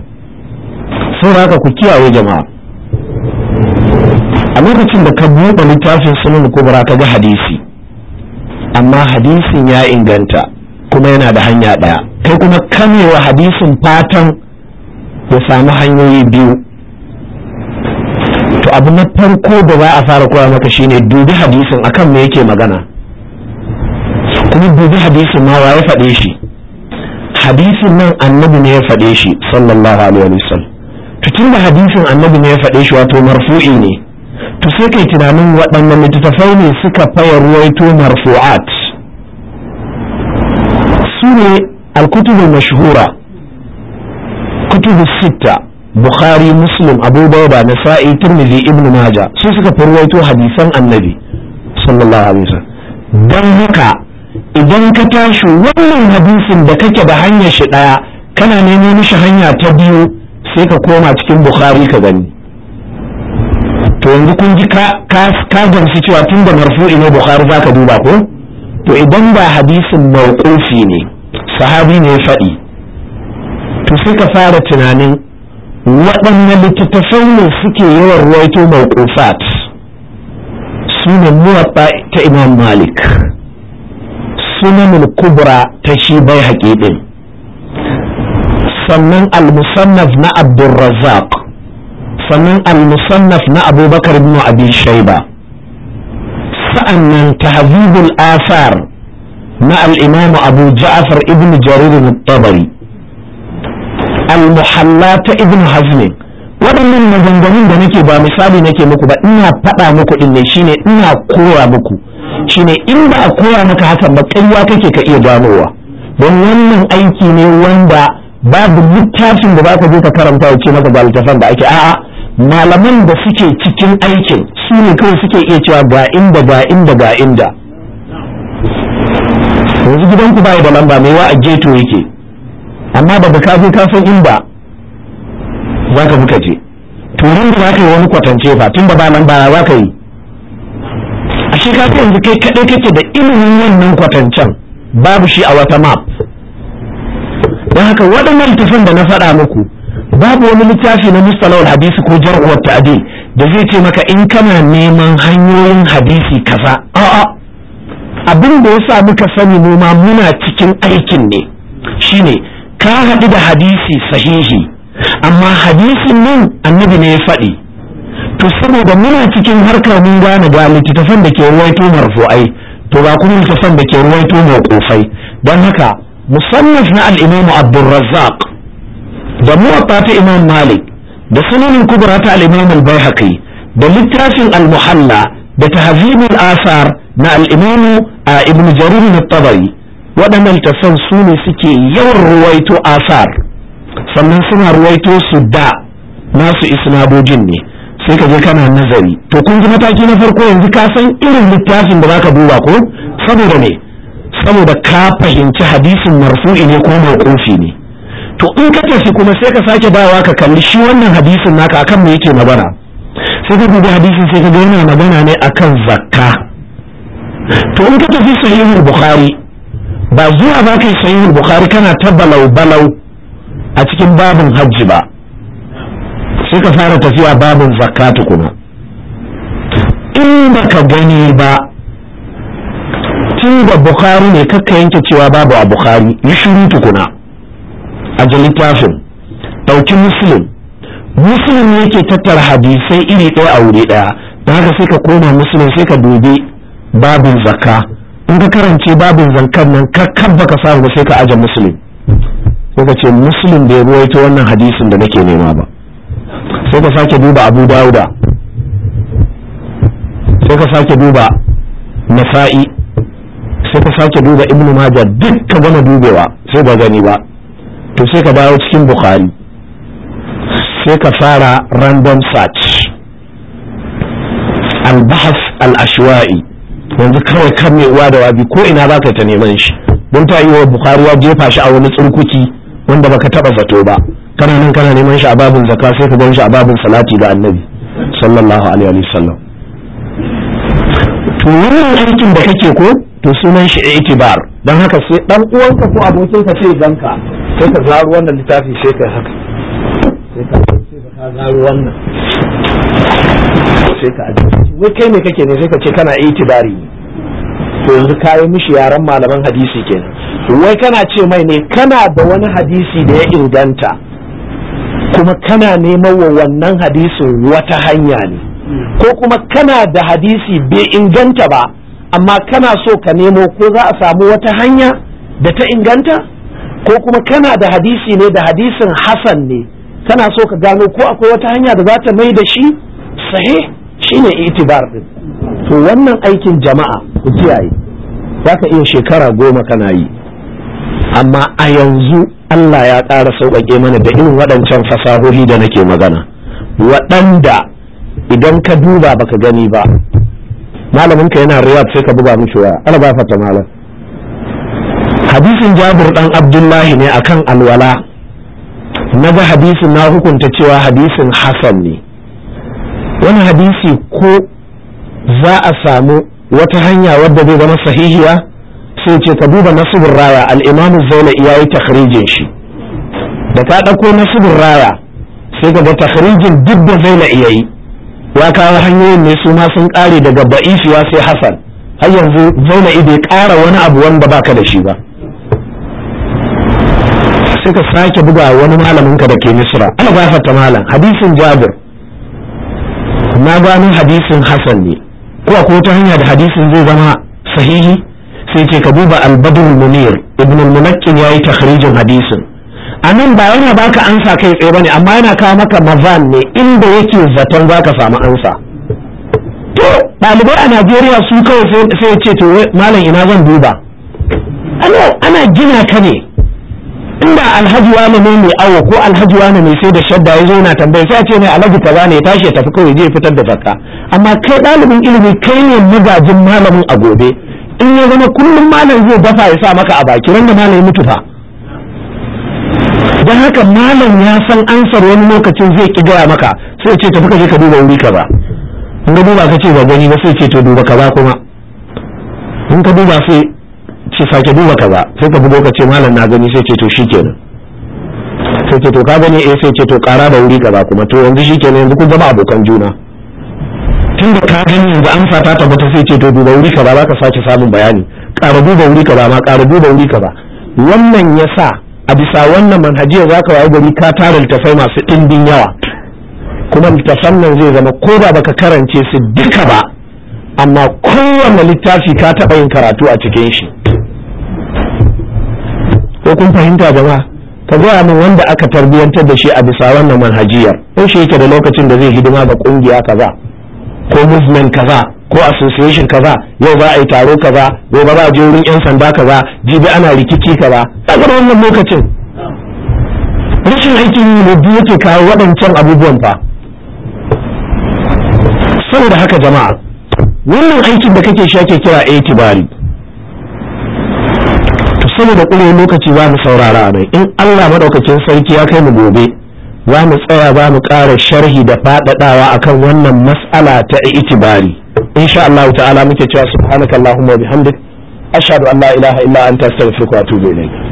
sai haka ku kiyaye jama'a a lokacin da ka buɗe littafin sunan kubra ka ga hadisi amma hadisin ya inganta kuma yana da hanya ɗaya kai kuma kamewa hadisin fatan ya samu hanyoyi biyu to abu na farko da za a fara koya maka shine dubi hadisin akan me yake magana kuma dubi hadisin ma wa ya faɗe shi hadisin nan annabi ne ya faɗe shi sallallahu alaihi wasallam to tunda da hadisin annabi ne ya faɗe shi wato marfu'i ne to sai kai tunanin waɗannan littattafai ne suka faya ruwaito marfu'at su ne alkutubu mashhura kutubu sitta bukhari muslim abu na nasa'i turmizi ibn maja su suka fi ruwaito hadisan annabi sallallahu alaihi wasallam don haka idan ka tashi wannan hadisin da kake da hanyar shi ɗaya kana neman shi hanya ta biyu sai ka koma cikin bukhari ka gani to yanzu kun ji ka gamsu cewa tun da marfu'i ne bukhari za ka duba ko to idan ba hadisin mawqufi ne sahabi ne faɗi to sai ka fara tunanin waɗanne littattafai ne suke yawan ruwaito mawqufat su ne ta imam malik sunan kubra ta shi bai haƙiɗin sannan al-musannaf na abdurrazzaq sannan al-musannaf na abubakar bin abi shaiba sa'annan tahzibul asar na al-imam abu ja'far ibn jarir al-tabari al-muhalla ta ibn hazm waɗannan maganganun da nake ba misali nake muku ba ina faɗa muku din ne shine ina kora muku shine in ba a kora maka hakan ba kaiwa kake ka iya ganowa don wannan aiki ne wanda babu littafin da ka je ka karanta ya ce maka ga littafin da ake a'a malaman da suke cikin aikin su ne kawai suke iya cewa ga inda ga inda ga inda yanzu gidanku bai da lamba mai wa a geto yake amma ba da kafin kafin inda za ka muka je turin da za ka yi wani kwatance fa tun da ba nan ba za ka yi a shekaru yanzu kai kaɗai kake da ilimin wannan kwatancen babu shi a wata map don haka waɗannan tafin da na faɗa muku babu wani littafi na mustalawar hadisi ko jar'uwar ta'adi da zai ce maka in kana neman hanyoyin hadisi kaza a'a abin da ya sa muka sani mu muna cikin aikin ne shine ka haɗu da hadisi sahihi amma hadisin nan annabi ne ya faɗi to saboda muna cikin harkar mun gane ga littattafan da ke ruwaito marfu'ai to ba kuma littattafan da ke ruwaito mawqufai don haka musannaf na al imam abdurrazzaq da muwatta ta imam malik da sunanin kubra ta al-imam al da littafin al-muhalla da tahzib al-asar na al-imam ibn jarir al-tabari waɗannan tafan su ne suke yawan ruwaito asar sannan suna ruwaito su da nasu isnadojin ne sai ka je kana nazari to kun ji mataki na farko yanzu ka san irin littafin da zaka duba ko saboda ne saboda ka fahimci hadisin marfu'i ne ko mawqufi ne to in ka tafi kuma sai ka sake dawa ka kalli shi wannan hadisin naka akan me yake magana sai ka dubi hadisin sai ka ga yana magana ne akan zakka to in ka tafi sahihul bukhari ba zuwa ba kai sahihul bukhari kana ta balau balau a cikin babin hajji ba sai ka fara tafiya babin zakka tukuna in ba ka gani ba tun da bukhari ne kakka yanke cewa babu a bukhari yi shiru tukuna a littafin ɗauki muslim muslim yake tattara hadisai iri ɗaya a wuri ɗaya da haka sai ka koma muslim sai ka dubi babin zakka in ka karance babin zakkan nan ka kabba ka samu sai ka aje muslim sai ka ce muslim bai ruwaito wannan hadisin da nake nema ba sai ka sake duba abu dauda sai ka sake duba nasa'i sai ka sake duba ibnu majah duk ka gama dubewa sai ba gani ba to sai ka bayo cikin bukhari sai ka fara random search albahas al-ashwa'i yanzu kawai kan mai uwa da wabi ko ina baka ta neman shi don ta yi wa bukhari wa jefa shi a wani tsurkuki wanda baka taba zato ba kana nan kana neman shi a babin zaka sai ka gan shi a babin salati ga annabi sallallahu alaihi wa sallam to wannan aikin da kake ko to sunan shi itibar don haka sai dan uwanka ko abokinka sai ganka sai ka zaro wannan littafi sai ka haka sai ka zaru wannan sai ka ajiye wai kai ne kake ne sai ka ce kana itibari to yanzu kayi mishi yaren malaman hadisi ke. wai kana ce mai ne kana da wani hadisi da ya inganta kuma kana neman wa wannan hadisin wata hanya ne ko kuma kana da hadisi bai inganta ba amma kana so ka nemo ko za a samu wata hanya da ta inganta ko kuma kana da hadisi ne da hadisin hasan ne kana so ka gano ko akwai wata hanya da za ta mai da shi Sahi shine itibar din to wannan aikin jama'a ku kiyaye za ka iya shekara goma kana yi amma a yanzu Allah ya ƙara sauƙaƙe mana da irin waɗancan fasahohi da nake magana waɗanda idan ka duba baka gani ba malamin yana riyad sai ka buga mishi waya ana ba fata malam hadisin jabir dan abdullahi ne akan alwala na ga hadisin na hukunta cewa hadisin hasan ne wani hadisi ko za a samu wata hanya wadda zai zama sahihiya sai ce ka duba nasibin raya al'imamu zaune ya yi takhrijin shi da ka ɗauko nasibin raya sai ka ga takhrijin duk da zaune iya yi ya kawo hanyoyin ne su ma sun ƙare daga ba'ifiya sai hasan har yanzu zaune bai ƙara wani abu wanda baka da shi ba sai ka sake buga wani malamin ka da ke misra ana gafarta malam hadisin jabir na gano hadisin hasan ne ko ko ta hanya da hadisin zai zama sahihi sai ce ka duba al munir ibn al-munakkin yayi takhrijin hadisin anan ba yana baka ansa kai tsaye bane amma yana kawo maka mazan ne inda yake zaton zaka samu ansa to dalibai a Najeriya su kawai sai ce to malam ina zan duba ana gina ka ne inda alhaji wani ne mai awo ko alhaji wani mai sai da shadda ya zo yana tambaya sai a ce mai alhaji ta zane ya tashi ya tafi kawai zai fitar da zakka amma kai ɗalibin ilimi kai ne magajin malamin a gobe in ya zama kullum malam zai dafa ya sa maka a baki randa malam ya mutu fa dan haka malam ya san ansar wani lokacin zai ki gaya maka sai ce tafi ka je ka duba wuri ka ba in ka duba ka ce ba gani ba sai ce to duba ba kuma in ka duba sai shi sake duba kaza sai ka bugo ka ce malam na gani sai ce to shikenan sai ce to ka gani eh sai ce to kara da wuri ba kuma to yanzu shikenan yanzu kun zama abokan juna tun da ka gani yanzu amsa ta tabbata sai ce to duba wuri kaza ka sake samun bayani kara duba wuri kaza ma kara duba wuri kaza wannan yasa a bisa wannan manhajiyar zaka wayi gari ka tara littafai masu ɗimbin yawa kuma littafan nan zai zama ko ba baka karance su duka ba amma kowane littafi ka taɓa yin karatu a cikin shi ko kun fahimta jama'a ka gaya min wanda aka tarbiyyantar da shi a bisa wannan manhajiyar ko shi yake da lokacin da zai hidima ga kungiya kaza ko movement kaza ko association kaza yau za a yi taro kaza gobe za a je wurin yan sanda kaza jibi ana rikici kaza daga wannan lokacin rashin aikin yi ne biyu yake kawo waɗancan abubuwan fa saboda haka jama'a wannan aikin da kake shi ake kira itibari to saboda ƙure lokaci ba mu saurara a in Allah madaukakin sarki ya kai mu gobe za mu tsaya ba mu kara sharhi da faɗaɗawa akan wannan mas'ala ta itibari insha Allah ta'ala muke cewa subhanakallahumma wa bihamdik ashhadu an la ilaha illa anta astaghfiruka wa atubu ilayk